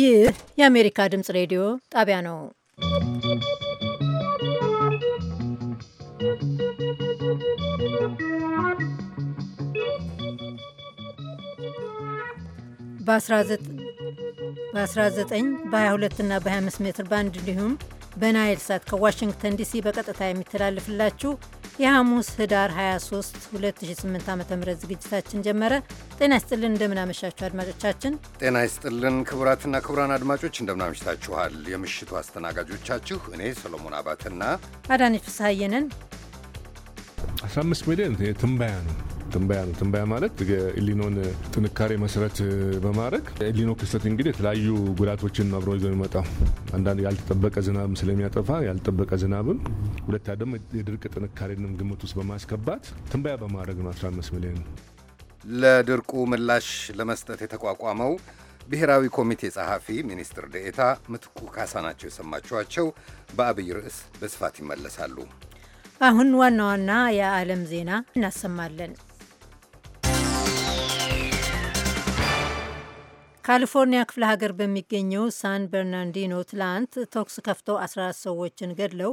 ይህ የአሜሪካ ድምፅ ሬዲዮ ጣቢያ ነው። በ19 በ22 እና በ25 ሜትር ባንድ እንዲሁም በናይል ሳት ከዋሽንግተን ዲሲ በቀጥታ የሚተላለፍላችሁ የሐሙስ ህዳር 23 2008 ዓ ም ዝግጅታችን ጀመረ። ጤና ይስጥልን፣ እንደምናመሻችሁ አድማጮቻችን። ጤና ይስጥልን ክቡራትና ክቡራን አድማጮች እንደምናመሽታችኋል። የምሽቱ አስተናጋጆቻችሁ እኔ ሰሎሞን አባትና አዳነች ፍስሐዬ ነን። 15 ሚሊዮን ትንበያ ነው ትንበያ ነው። ትንበያ ማለት የኢሊኖን ጥንካሬ መሰረት በማድረግ የኢሊኖ ክስተት እንግዲህ የተለያዩ ጉዳቶችን አብሮ ይዞ የሚመጣ አንዳንድ ያልተጠበቀ ዝናብ ስለሚያጠፋ ያልተጠበቀ ዝናብም፣ ሁለታ ደግሞ የድርቅ ጥንካሬንም ግምት ውስጥ በማስገባት ትንበያ በማድረግ ነው 15 ሚሊዮን ለድርቁ ምላሽ ለመስጠት የተቋቋመው ብሔራዊ ኮሚቴ ጸሐፊ ሚኒስትር ደኤታ ምትኩ ካሳ ናቸው የሰማችኋቸው። በአብይ ርዕስ በስፋት ይመለሳሉ። አሁን ዋና ዋና የዓለም ዜና እናሰማለን። ካሊፎርኒያ ክፍለ ሀገር በሚገኘው ሳን በርናንዲኖ ትላንት ተኩስ ከፍተው 14 ሰዎችን ገድለው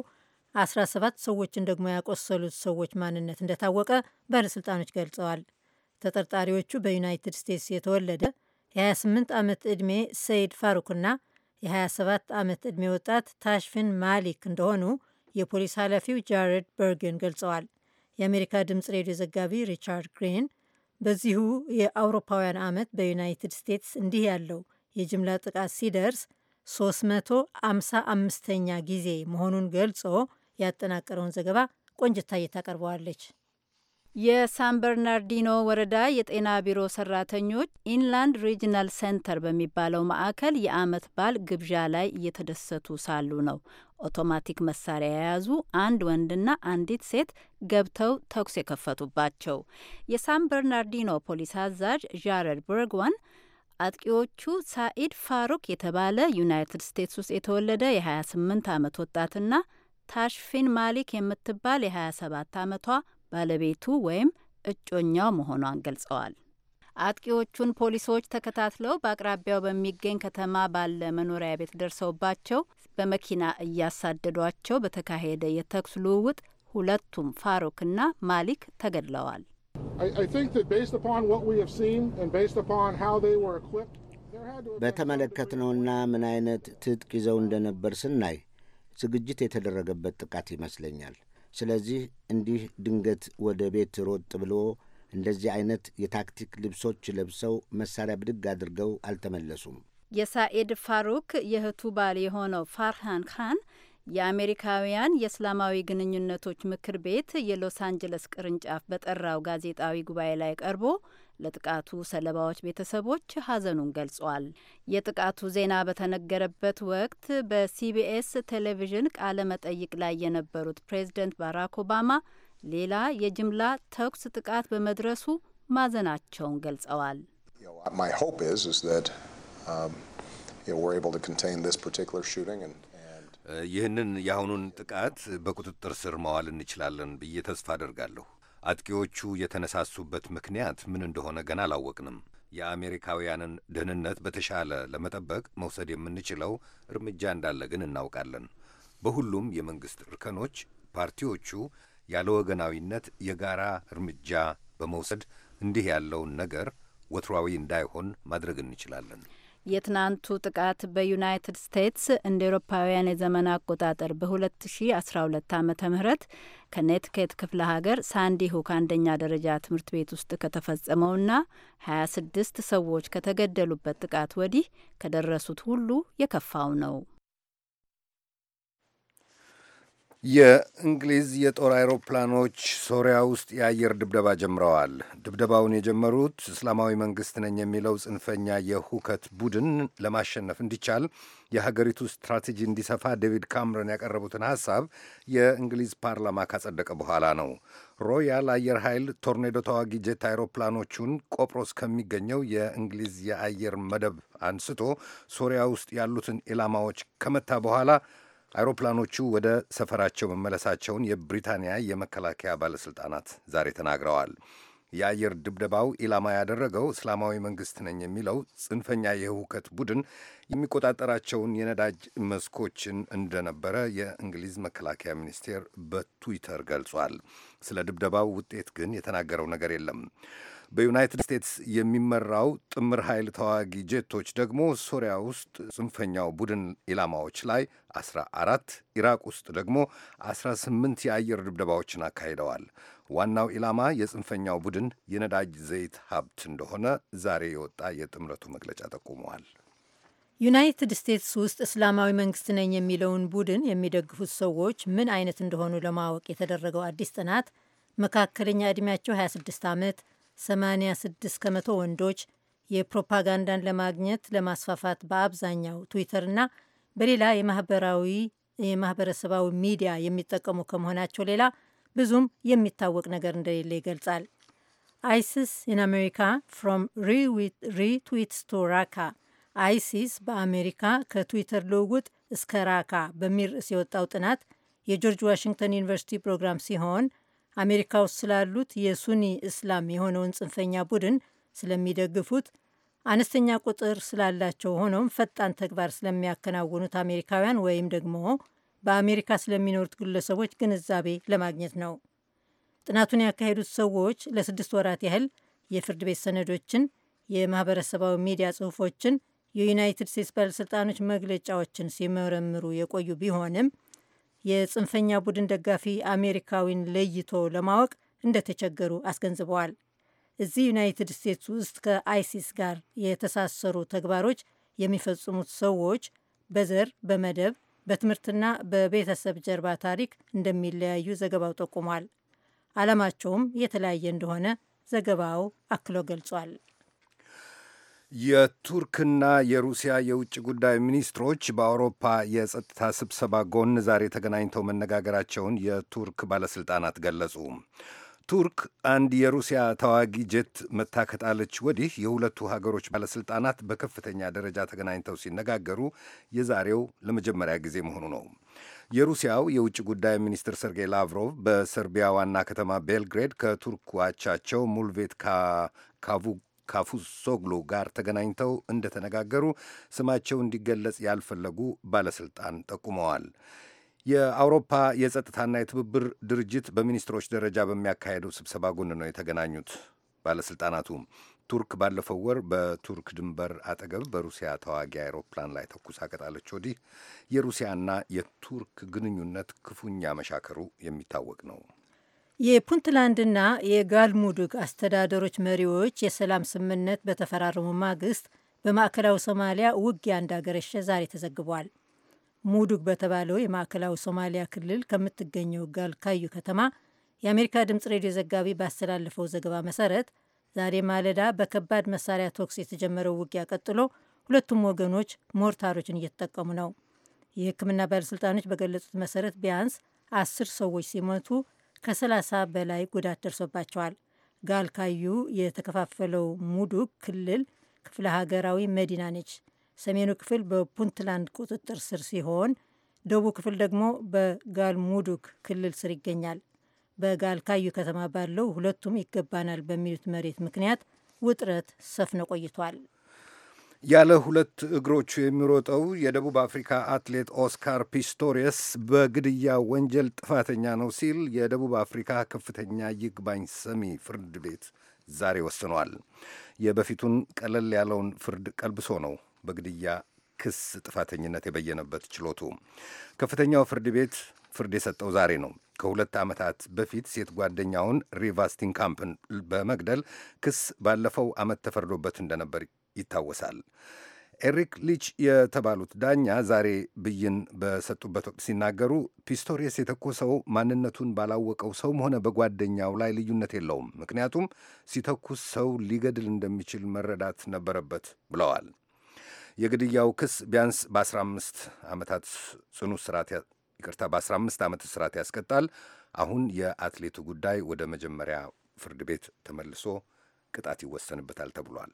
17 ሰዎችን ደግሞ ያቆሰሉት ሰዎች ማንነት እንደታወቀ ባለሥልጣኖች ገልጸዋል። ተጠርጣሪዎቹ በዩናይትድ ስቴትስ የተወለደ የ28 ዓመት ዕድሜ ሰይድ ፋሩክና የ27 ዓመት ዕድሜ ወጣት ታሽፊን ማሊክ እንደሆኑ የፖሊስ ኃላፊው ጃሬድ በርግን ገልጸዋል። የአሜሪካ ድምፅ ሬዲዮ ዘጋቢ ሪቻርድ ግሪን በዚሁ የአውሮፓውያን ዓመት በዩናይትድ ስቴትስ እንዲህ ያለው የጅምላ ጥቃት ሲደርስ 355ኛ ጊዜ መሆኑን ገልጾ ያጠናቀረውን ዘገባ ቆንጅታ እየታቀርበዋለች። የሳን በርናርዲኖ ወረዳ የጤና ቢሮ ሰራተኞች ኢንላንድ ሪጅናል ሴንተር በሚባለው ማዕከል የአመት በዓል ግብዣ ላይ እየተደሰቱ ሳሉ ነው ኦቶማቲክ መሳሪያ የያዙ አንድ ወንድና አንዲት ሴት ገብተው ተኩስ የከፈቱባቸው። የሳን በርናርዲኖ ፖሊስ አዛዥ ዣረድ በርግዋን አጥቂዎቹ ሳኢድ ፋሩክ የተባለ ዩናይትድ ስቴትስ ውስጥ የተወለደ የ28 ዓመት ወጣትና ታሽፊን ማሊክ የምትባል የ27 ዓመቷ ባለቤቱ ወይም እጮኛው መሆኗን ገልጸዋል። አጥቂዎቹን ፖሊሶች ተከታትለው በአቅራቢያው በሚገኝ ከተማ ባለ መኖሪያ ቤት ደርሰውባቸው በመኪና እያሳደዷቸው በተካሄደ የተኩስ ልውውጥ ሁለቱም ፋሩክና ማሊክ ተገድለዋል። በተመለከትነውና ምን አይነት ትጥቅ ይዘው እንደነበር ስናይ ዝግጅት የተደረገበት ጥቃት ይመስለኛል። ስለዚህ እንዲህ ድንገት ወደ ቤት ሮጥ ብሎ እንደዚህ አይነት የታክቲክ ልብሶች ለብሰው መሳሪያ ብድግ አድርገው አልተመለሱም። የሳኤድ ፋሩክ የእህቱ ባል የሆነው ፋርሃን ካን የአሜሪካውያን የእስላማዊ ግንኙነቶች ምክር ቤት የሎስ አንጀለስ ቅርንጫፍ በጠራው ጋዜጣዊ ጉባኤ ላይ ቀርቦ ለጥቃቱ ሰለባዎች ቤተሰቦች ሀዘኑን ገልጿል። የጥቃቱ ዜና በተነገረበት ወቅት በሲቢኤስ ቴሌቪዥን ቃለ መጠይቅ ላይ የነበሩት ፕሬዝደንት ባራክ ኦባማ ሌላ የጅምላ ተኩስ ጥቃት በመድረሱ ማዘናቸውን ገልጸዋል። um, ይህንን የአሁኑን ጥቃት በቁጥጥር ስር ማዋል እንችላለን ብዬ ተስፋ አደርጋለሁ። አጥቂዎቹ የተነሳሱበት ምክንያት ምን እንደሆነ ገና አላወቅንም። የአሜሪካውያንን ደህንነት በተሻለ ለመጠበቅ መውሰድ የምንችለው እርምጃ እንዳለ ግን እናውቃለን። በሁሉም የመንግሥት እርከኖች ፓርቲዎቹ ያለ ወገናዊነት የጋራ እርምጃ በመውሰድ እንዲህ ያለውን ነገር ወትሯዊ እንዳይሆን ማድረግ እንችላለን። የትናንቱ ጥቃት በዩናይትድ ስቴትስ እንደ ኤሮፓውያን የዘመን አቆጣጠር በ2012 ዓ ም ከኔትኬት ክፍለ ሀገር ሁክ ከአንደኛ ደረጃ ትምህርት ቤት ውስጥ ከተፈጸመውና 26 ሰዎች ከተገደሉበት ጥቃት ወዲህ ከደረሱት ሁሉ የከፋው ነው። የእንግሊዝ የጦር አይሮፕላኖች ሶሪያ ውስጥ የአየር ድብደባ ጀምረዋል። ድብደባውን የጀመሩት እስላማዊ መንግስት ነኝ የሚለው ጽንፈኛ የሁከት ቡድን ለማሸነፍ እንዲቻል የሀገሪቱ ስትራቴጂ እንዲሰፋ ዴቪድ ካምረን ያቀረቡትን ሐሳብ የእንግሊዝ ፓርላማ ካጸደቀ በኋላ ነው። ሮያል አየር ኃይል ቶርኔዶ ተዋጊ ጄት አይሮፕላኖቹን ቆጵሮስ ከሚገኘው የእንግሊዝ የአየር መደብ አንስቶ ሶሪያ ውስጥ ያሉትን ኢላማዎች ከመታ በኋላ አይሮፕላኖቹ ወደ ሰፈራቸው መመለሳቸውን የብሪታንያ የመከላከያ ባለሥልጣናት ዛሬ ተናግረዋል። የአየር ድብደባው ኢላማ ያደረገው እስላማዊ መንግሥት ነኝ የሚለው ጽንፈኛ የሁከት ቡድን የሚቆጣጠራቸውን የነዳጅ መስኮችን እንደነበረ የእንግሊዝ መከላከያ ሚኒስቴር በትዊተር ገልጿል። ስለ ድብደባው ውጤት ግን የተናገረው ነገር የለም። በዩናይትድ ስቴትስ የሚመራው ጥምር ኃይል ተዋጊ ጄቶች ደግሞ ሶሪያ ውስጥ ጽንፈኛው ቡድን ኢላማዎች ላይ 14፣ ኢራቅ ውስጥ ደግሞ 18 የአየር ድብደባዎችን አካሂደዋል። ዋናው ኢላማ የጽንፈኛው ቡድን የነዳጅ ዘይት ሀብት እንደሆነ ዛሬ የወጣ የጥምረቱ መግለጫ ጠቁመዋል። ዩናይትድ ስቴትስ ውስጥ እስላማዊ መንግስት ነኝ የሚለውን ቡድን የሚደግፉት ሰዎች ምን አይነት እንደሆኑ ለማወቅ የተደረገው አዲስ ጥናት መካከለኛ ዕድሜያቸው 26 ዓመት 86 ከመቶ ወንዶች የፕሮፓጋንዳን ለማግኘት ለማስፋፋት በአብዛኛው ትዊተርና በሌላ የማህበራዊ የማህበረሰባዊ ሚዲያ የሚጠቀሙ ከመሆናቸው ሌላ ብዙም የሚታወቅ ነገር እንደሌለ ይገልጻል። አይሲስ ኢን አሜሪካ ፍሮም ሪትዊትስ ቱ ራካ አይሲስ በአሜሪካ ከትዊተር ልውውጥ እስከ ራካ በሚል ርዕስ የወጣው ጥናት የጆርጅ ዋሽንግተን ዩኒቨርሲቲ ፕሮግራም ሲሆን አሜሪካ ውስጥ ስላሉት የሱኒ እስላም የሆነውን ጽንፈኛ ቡድን ስለሚደግፉት አነስተኛ ቁጥር ስላላቸው ሆኖም ፈጣን ተግባር ስለሚያከናውኑት አሜሪካውያን ወይም ደግሞ በአሜሪካ ስለሚኖሩት ግለሰቦች ግንዛቤ ለማግኘት ነው። ጥናቱን ያካሄዱት ሰዎች ለስድስት ወራት ያህል የፍርድ ቤት ሰነዶችን፣ የማህበረሰባዊ ሚዲያ ጽሁፎችን የዩናይትድ ስቴትስ ባለሥልጣኖች መግለጫዎችን ሲመረምሩ የቆዩ ቢሆንም የጽንፈኛ ቡድን ደጋፊ አሜሪካዊን ለይቶ ለማወቅ እንደተቸገሩ አስገንዝበዋል። እዚህ ዩናይትድ ስቴትስ ውስጥ ከአይሲስ ጋር የተሳሰሩ ተግባሮች የሚፈጽሙት ሰዎች በዘር፣ በመደብ፣ በትምህርትና በቤተሰብ ጀርባ ታሪክ እንደሚለያዩ ዘገባው ጠቁሟል። ዓላማቸውም የተለያየ እንደሆነ ዘገባው አክሎ ገልጿል። የቱርክና የሩሲያ የውጭ ጉዳይ ሚኒስትሮች በአውሮፓ የጸጥታ ስብሰባ ጎን ዛሬ ተገናኝተው መነጋገራቸውን የቱርክ ባለሥልጣናት ገለጹ። ቱርክ አንድ የሩሲያ ተዋጊ ጄት መታከጣለች ወዲህ የሁለቱ ሀገሮች ባለሥልጣናት በከፍተኛ ደረጃ ተገናኝተው ሲነጋገሩ የዛሬው ለመጀመሪያ ጊዜ መሆኑ ነው። የሩሲያው የውጭ ጉዳይ ሚኒስትር ሰርጌይ ላቭሮቭ በሰርቢያ ዋና ከተማ ቤልግሬድ ከቱርክ አቻቸው ሙልቬት ካቡክ ካፉዝ ሶግሎ ጋር ተገናኝተው እንደተነጋገሩ ስማቸው እንዲገለጽ ያልፈለጉ ባለስልጣን ጠቁመዋል። የአውሮፓ የጸጥታና የትብብር ድርጅት በሚኒስትሮች ደረጃ በሚያካሄደው ስብሰባ ጎን ነው የተገናኙት ባለስልጣናቱ። ቱርክ ባለፈው ወር በቱርክ ድንበር አጠገብ በሩሲያ ተዋጊ አይሮፕላን ላይ ተኩስ አቀጣለች። ወዲህ የሩሲያና የቱርክ ግንኙነት ክፉኛ መሻከሩ የሚታወቅ ነው። የፑንትላንድና የጋልሙዱግ አስተዳደሮች መሪዎች የሰላም ስምምነት በተፈራረሙ ማግስት በማዕከላዊ ሶማሊያ ውጊያ እንዳገረሸ ዛሬ ተዘግቧል። ሙዱግ በተባለው የማዕከላዊ ሶማሊያ ክልል ከምትገኘው ጋልካዩ ከተማ የአሜሪካ ድምፅ ሬዲዮ ዘጋቢ ባስተላለፈው ዘገባ መሰረት ዛሬ ማለዳ በከባድ መሳሪያ ተኩስ የተጀመረው ውጊያ ቀጥሎ ሁለቱም ወገኖች ሞርታሮችን እየተጠቀሙ ነው። የሕክምና ባለሥልጣኖች በገለጹት መሰረት ቢያንስ አስር ሰዎች ሲሞቱ ከ30 በላይ ጉዳት ደርሶባቸዋል። ጋልካዩ የተከፋፈለው ሙዱክ ክልል ክፍለ ሀገራዊ መዲና ነች። ሰሜኑ ክፍል በፑንትላንድ ቁጥጥር ስር ሲሆን፣ ደቡብ ክፍል ደግሞ በጋልሙዱክ ክልል ስር ይገኛል። በጋልካዩ ከተማ ባለው ሁለቱም ይገባናል በሚሉት መሬት ምክንያት ውጥረት ሰፍኖ ቆይቷል። ያለ ሁለት እግሮቹ የሚሮጠው የደቡብ አፍሪካ አትሌት ኦስካር ፒስቶሪየስ በግድያ ወንጀል ጥፋተኛ ነው ሲል የደቡብ አፍሪካ ከፍተኛ ይግባኝ ሰሚ ፍርድ ቤት ዛሬ ወስኗል። የበፊቱን ቀለል ያለውን ፍርድ ቀልብሶ ነው በግድያ ክስ ጥፋተኝነት የበየነበት ችሎቱ። ከፍተኛው ፍርድ ቤት ፍርድ የሰጠው ዛሬ ነው። ከሁለት ዓመታት በፊት ሴት ጓደኛውን ሪቫ ስቲንካምፕን በመግደል ክስ ባለፈው ዓመት ተፈርዶበት እንደነበር ይታወሳል። ኤሪክ ሊች የተባሉት ዳኛ ዛሬ ብይን በሰጡበት ወቅት ሲናገሩ ፒስቶሪየስ የተኮሰው ማንነቱን ባላወቀው ሰውም ሆነ በጓደኛው ላይ ልዩነት የለውም፣ ምክንያቱም ሲተኩስ ሰው ሊገድል እንደሚችል መረዳት ነበረበት ብለዋል። የግድያው ክስ ቢያንስ በ15 ዓመታት ጽኑ እስራት ይቅርታ፣ በ15 ዓመት እስራት ያስቀጣል። አሁን የአትሌቱ ጉዳይ ወደ መጀመሪያ ፍርድ ቤት ተመልሶ ቅጣት ይወሰንበታል ተብሏል።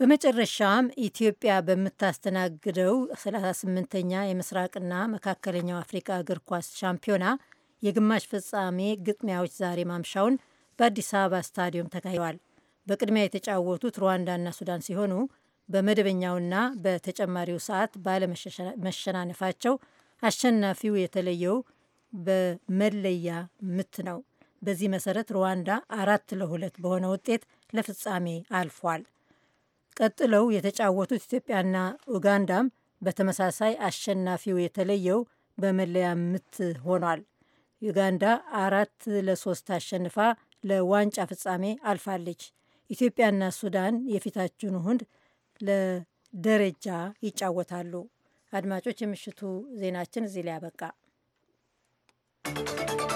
በመጨረሻም ኢትዮጵያ በምታስተናግደው 38ኛ የምስራቅና መካከለኛው አፍሪካ እግር ኳስ ሻምፒዮና የግማሽ ፍጻሜ ግጥሚያዎች ዛሬ ማምሻውን በአዲስ አበባ ስታዲየም ተካሂደዋል። በቅድሚያ የተጫወቱት ሩዋንዳና ሱዳን ሲሆኑ በመደበኛውና በተጨማሪው ሰዓት ባለመሸናነፋቸው አሸናፊው የተለየው በመለያ ምት ነው። በዚህ መሰረት ሩዋንዳ አራት ለሁለት በሆነ ውጤት ለፍጻሜ አልፏል። ቀጥለው የተጫወቱት ኢትዮጵያና ኡጋንዳም በተመሳሳይ አሸናፊው የተለየው በመለያ ምት ሆኗል። ዩጋንዳ አራት ለሶስት አሸንፋ ለዋንጫ ፍጻሜ አልፋለች። ኢትዮጵያና ሱዳን የፊታችን እሁድ ለደረጃ ይጫወታሉ። አድማጮች፣ የምሽቱ ዜናችን እዚህ ላይ you.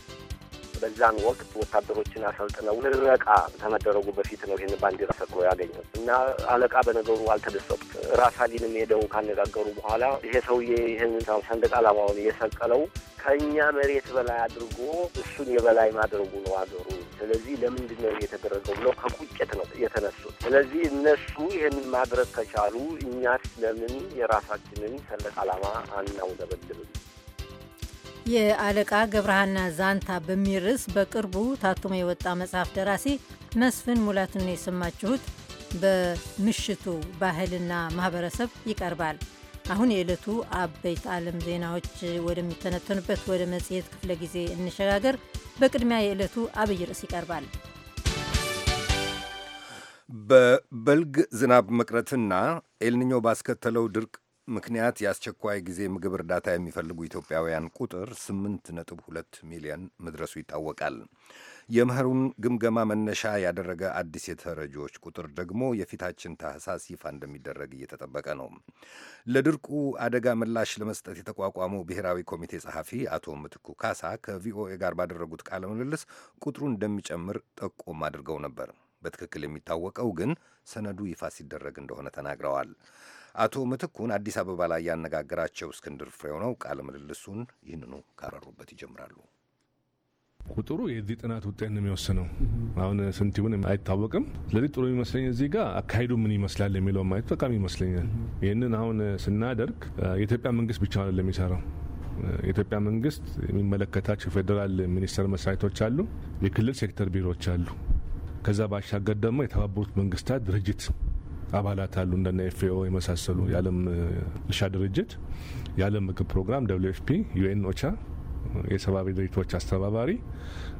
በዛን ወቅት ወታደሮችን አሰልጥነው ምረቃ ከመደረጉ በፊት ነው ይህን ባንዲራ ሰቅሎ ያገኘው እና አለቃ በነገሩ አልተደሰቱ። ራሳሊንም ሄደው ካነጋገሩ በኋላ ይሄ ሰውዬ ይህን ሰንደቅ ዓላማውን እየሰቀለው ከእኛ መሬት በላይ አድርጎ እሱን የበላይ ማድረጉ ነው አገሩ። ስለዚህ ለምንድን ነው የተደረገው ብለው ከቁጭት ነው የተነሱት። ስለዚህ እነሱ ይህንን ማድረግ ከቻሉ እኛስ ለምን የራሳችንን ሰንደቅ ዓላማ አናውለበልብም? የአለቃ ገብረሃና ዛንታ በሚል ርዕስ በቅርቡ ታትሞ የወጣ መጽሐፍ ደራሲ መስፍን ሙላትን የሰማችሁት። በምሽቱ ባህልና ማህበረሰብ ይቀርባል። አሁን የዕለቱ አበይት ዓለም ዜናዎች ወደሚተነተኑበት ወደ መጽሔት ክፍለ ጊዜ እንሸጋገር። በቅድሚያ የዕለቱ አብይ ርዕስ ይቀርባል። በበልግ ዝናብ መቅረትና ኤልኒኞ ባስከተለው ድርቅ ምክንያት የአስቸኳይ ጊዜ ምግብ እርዳታ የሚፈልጉ ኢትዮጵያውያን ቁጥር 8.2 ሚሊዮን መድረሱ ይታወቃል። የምህሩን ግምገማ መነሻ ያደረገ አዲስ የተረጂዎች ቁጥር ደግሞ የፊታችን ታህሳስ ይፋ እንደሚደረግ እየተጠበቀ ነው። ለድርቁ አደጋ ምላሽ ለመስጠት የተቋቋመው ብሔራዊ ኮሚቴ ጸሐፊ አቶ ምትኩ ካሳ ከቪኦኤ ጋር ባደረጉት ቃለ ምልልስ ቁጥሩ እንደሚጨምር ጠቆም አድርገው ነበር። በትክክል የሚታወቀው ግን ሰነዱ ይፋ ሲደረግ እንደሆነ ተናግረዋል። አቶ ምትኩን አዲስ አበባ ላይ ያነጋገራቸው እስክንድር ፍሬው ነው። ቃለ ምልልሱን ይህንኑ ካረሩበት ይጀምራሉ። ቁጥሩ የዚህ ጥናት ውጤት ነው የሚወስነው። አሁን ስንት ይሁን አይታወቅም። ስለዚህ ጥሩ የሚመስለኝ እዚህ ጋር አካሄዱ ምን ይመስላል የሚለው ማየት ጠቃሚ ይመስለኛል። ይህንን አሁን ስናደርግ የኢትዮጵያ መንግስት ብቻ አይደለም የሚሰራው የኢትዮጵያ መንግስት የሚመለከታቸው ፌዴራል ሚኒስቴር መስሪያ ቤቶች አሉ፣ የክልል ሴክተር ቢሮዎች አሉ። ከዛ ባሻገር ደግሞ የተባበሩት መንግስታት ድርጅት አባላት አሉ እንደነ ኤፍኤኦ የመሳሰሉ የዓለም እርሻ ድርጅት፣ የዓለም ምግብ ፕሮግራም ደብሊው ፒ፣ ዩኤን ኦቻ የሰብአዊ ድርጅቶች አስተባባሪ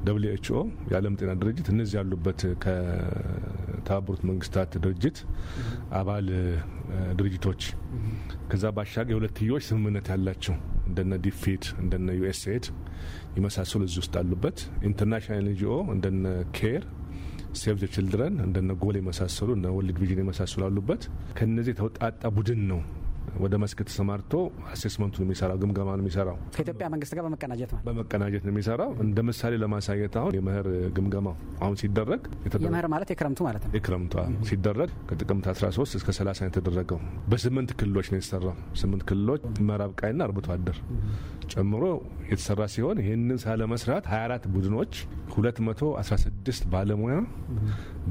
ደብሊው ኤችኦ የዓለም ጤና ድርጅት እነዚህ ያሉበት ከተባበሩት መንግስታት ድርጅት አባል ድርጅቶች ከዛ ባሻገር የሁለትዮሽ ስምምነት ያላቸው እንደነ ዲፊት እንደነ ዩኤስኤድ የመሳሰሉ እዚህ ውስጥ አሉበት። ኢንተርናሽናል ኤንጂኦ እንደነ ኬር ሴቭ ዘ ችልድረን እንደነ ጎል የመሳሰሉ እነ ወልድ ቪዥን የመሳሰሉ አሉበት። ከነዚህ የተውጣጣ ቡድን ነው ወደ መስክ ተሰማርቶ አሴስመንቱ የሚሰራው ግምገማ ነው የሚሰራው ከኢትዮጵያ መንግስት ጋር በመቀናጀት ነው በመቀናጀት ነው የሚሰራው። እንደ ምሳሌ ለማሳየት አሁን የምህር ግምገማው አሁን ሲደረግ የምህር ማለት የክረምቱ ማለት ነው የክረምቱ ሲደረግ ከጥቅምት 13 እስከ 30 የተደረገው በስምንት ክልሎች ነው የተሰራው። ስምንት ክልሎች ምዕራብ ቃይና አርብቶ አደር ጨምሮ የተሰራ ሲሆን ይህንን ለመስራት 24 ቡድኖች 216 ባለሙያ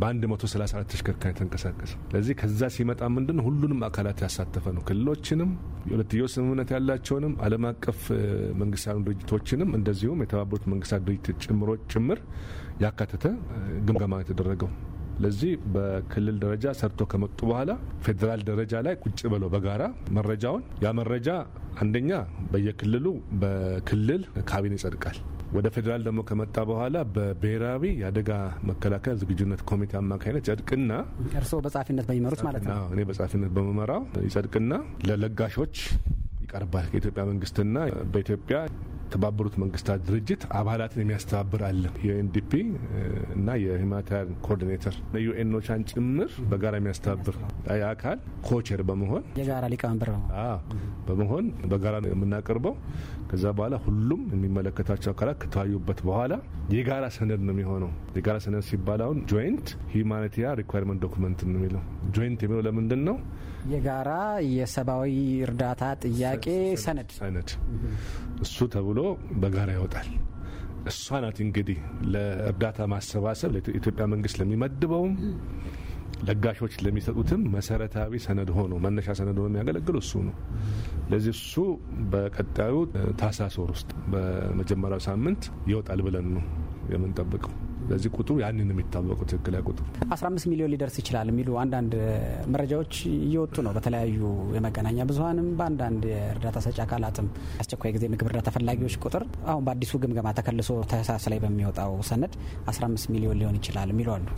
በ134 ተሽከርካሪ ተንቀሳቀሰ። ስለዚህ ከዛ ሲመጣ ምንድን ሁሉንም አካላት ያሳተፈ ነው። የሌሎችንም የሁለትዮሽ ስምምነት ያላቸውንም ዓለም አቀፍ መንግስታዊ ድርጅቶችንም እንደዚሁም የተባበሩት መንግስታት ድርጅት ጭምሮች ጭምር ያካተተ ግምገማ የተደረገው። ለዚህ በክልል ደረጃ ሰርቶ ከመጡ በኋላ ፌዴራል ደረጃ ላይ ቁጭ ብለው በጋራ መረጃውን ያ መረጃ አንደኛ በየክልሉ በክልል ካቢኔ ይጸድቃል። ወደ ፌዴራል ደግሞ ከመጣ በኋላ በብሔራዊ የአደጋ መከላከል ዝግጁነት ኮሚቴ አማካኝነት ይጸድቅና እርስዎ በጻፊነት በሚመሩት ማለት ነው። እኔ በጻፊነት በመመራው ይጸድቅና ለለጋሾች ይቀርባል። ከኢትዮጵያ መንግስትና በኢትዮጵያ የተባበሩት መንግስታት ድርጅት አባላትን የሚያስተባብር አለ። የኤንዲፒ እና የሁማኒታሪያን ኮኦርዲኔተር ለዩኤኖቻን ጭምር በጋራ የሚያስተባብር አካል ኮቸር በመሆን የጋራ ሊቀመንበር በመሆን በጋራ የምናቀርበው ከዛ በኋላ ሁሉም የሚመለከታቸው አካላት ከተዋዩበት በኋላ የጋራ ሰነድ ነው የሚሆነው። የጋራ ሰነድ ሲባል አሁን ጆይንት ሁማኒታሪያን ሪኳርመንት ዶክመንት ነው የሚለው ጆይንት የሚለው ለምንድን ነው? የጋራ የሰብአዊ እርዳታ ጥያቄ ሰነድ ሰነድ እሱ ተብሎ በጋራ ይወጣል። እሷ ናት እንግዲህ ለእርዳታ ማሰባሰብ ለኢትዮጵያ መንግስት ለሚመድበውም ለጋሾች ለሚሰጡትም መሰረታዊ ሰነድ ሆኖ መነሻ ሰነድ ሆኖ የሚያገለግል እሱ ነው። ለዚህ እሱ በቀጣዩ ታህሳስ ወር ውስጥ በመጀመሪያው ሳምንት ይወጣል ብለን ነው የምንጠብቀው። ስለዚህ ቁጥሩ ያንን የሚታወቀው ትክክለኛ ቁጥሩ 15 ሚሊዮን ሊደርስ ይችላል የሚሉ አንዳንድ መረጃዎች እየወጡ ነው። በተለያዩ የመገናኛ ብዙሀንም በአንዳንድ የእርዳታ ሰጪ አካላትም አስቸኳይ ጊዜ ምግብ እርዳታ ፈላጊዎች ቁጥር አሁን በአዲሱ ግምገማ ተከልሶ ተሳስ ላይ በሚወጣው ሰነድ 15 ሚሊዮን ሊሆን ይችላል የሚሉ አሉ።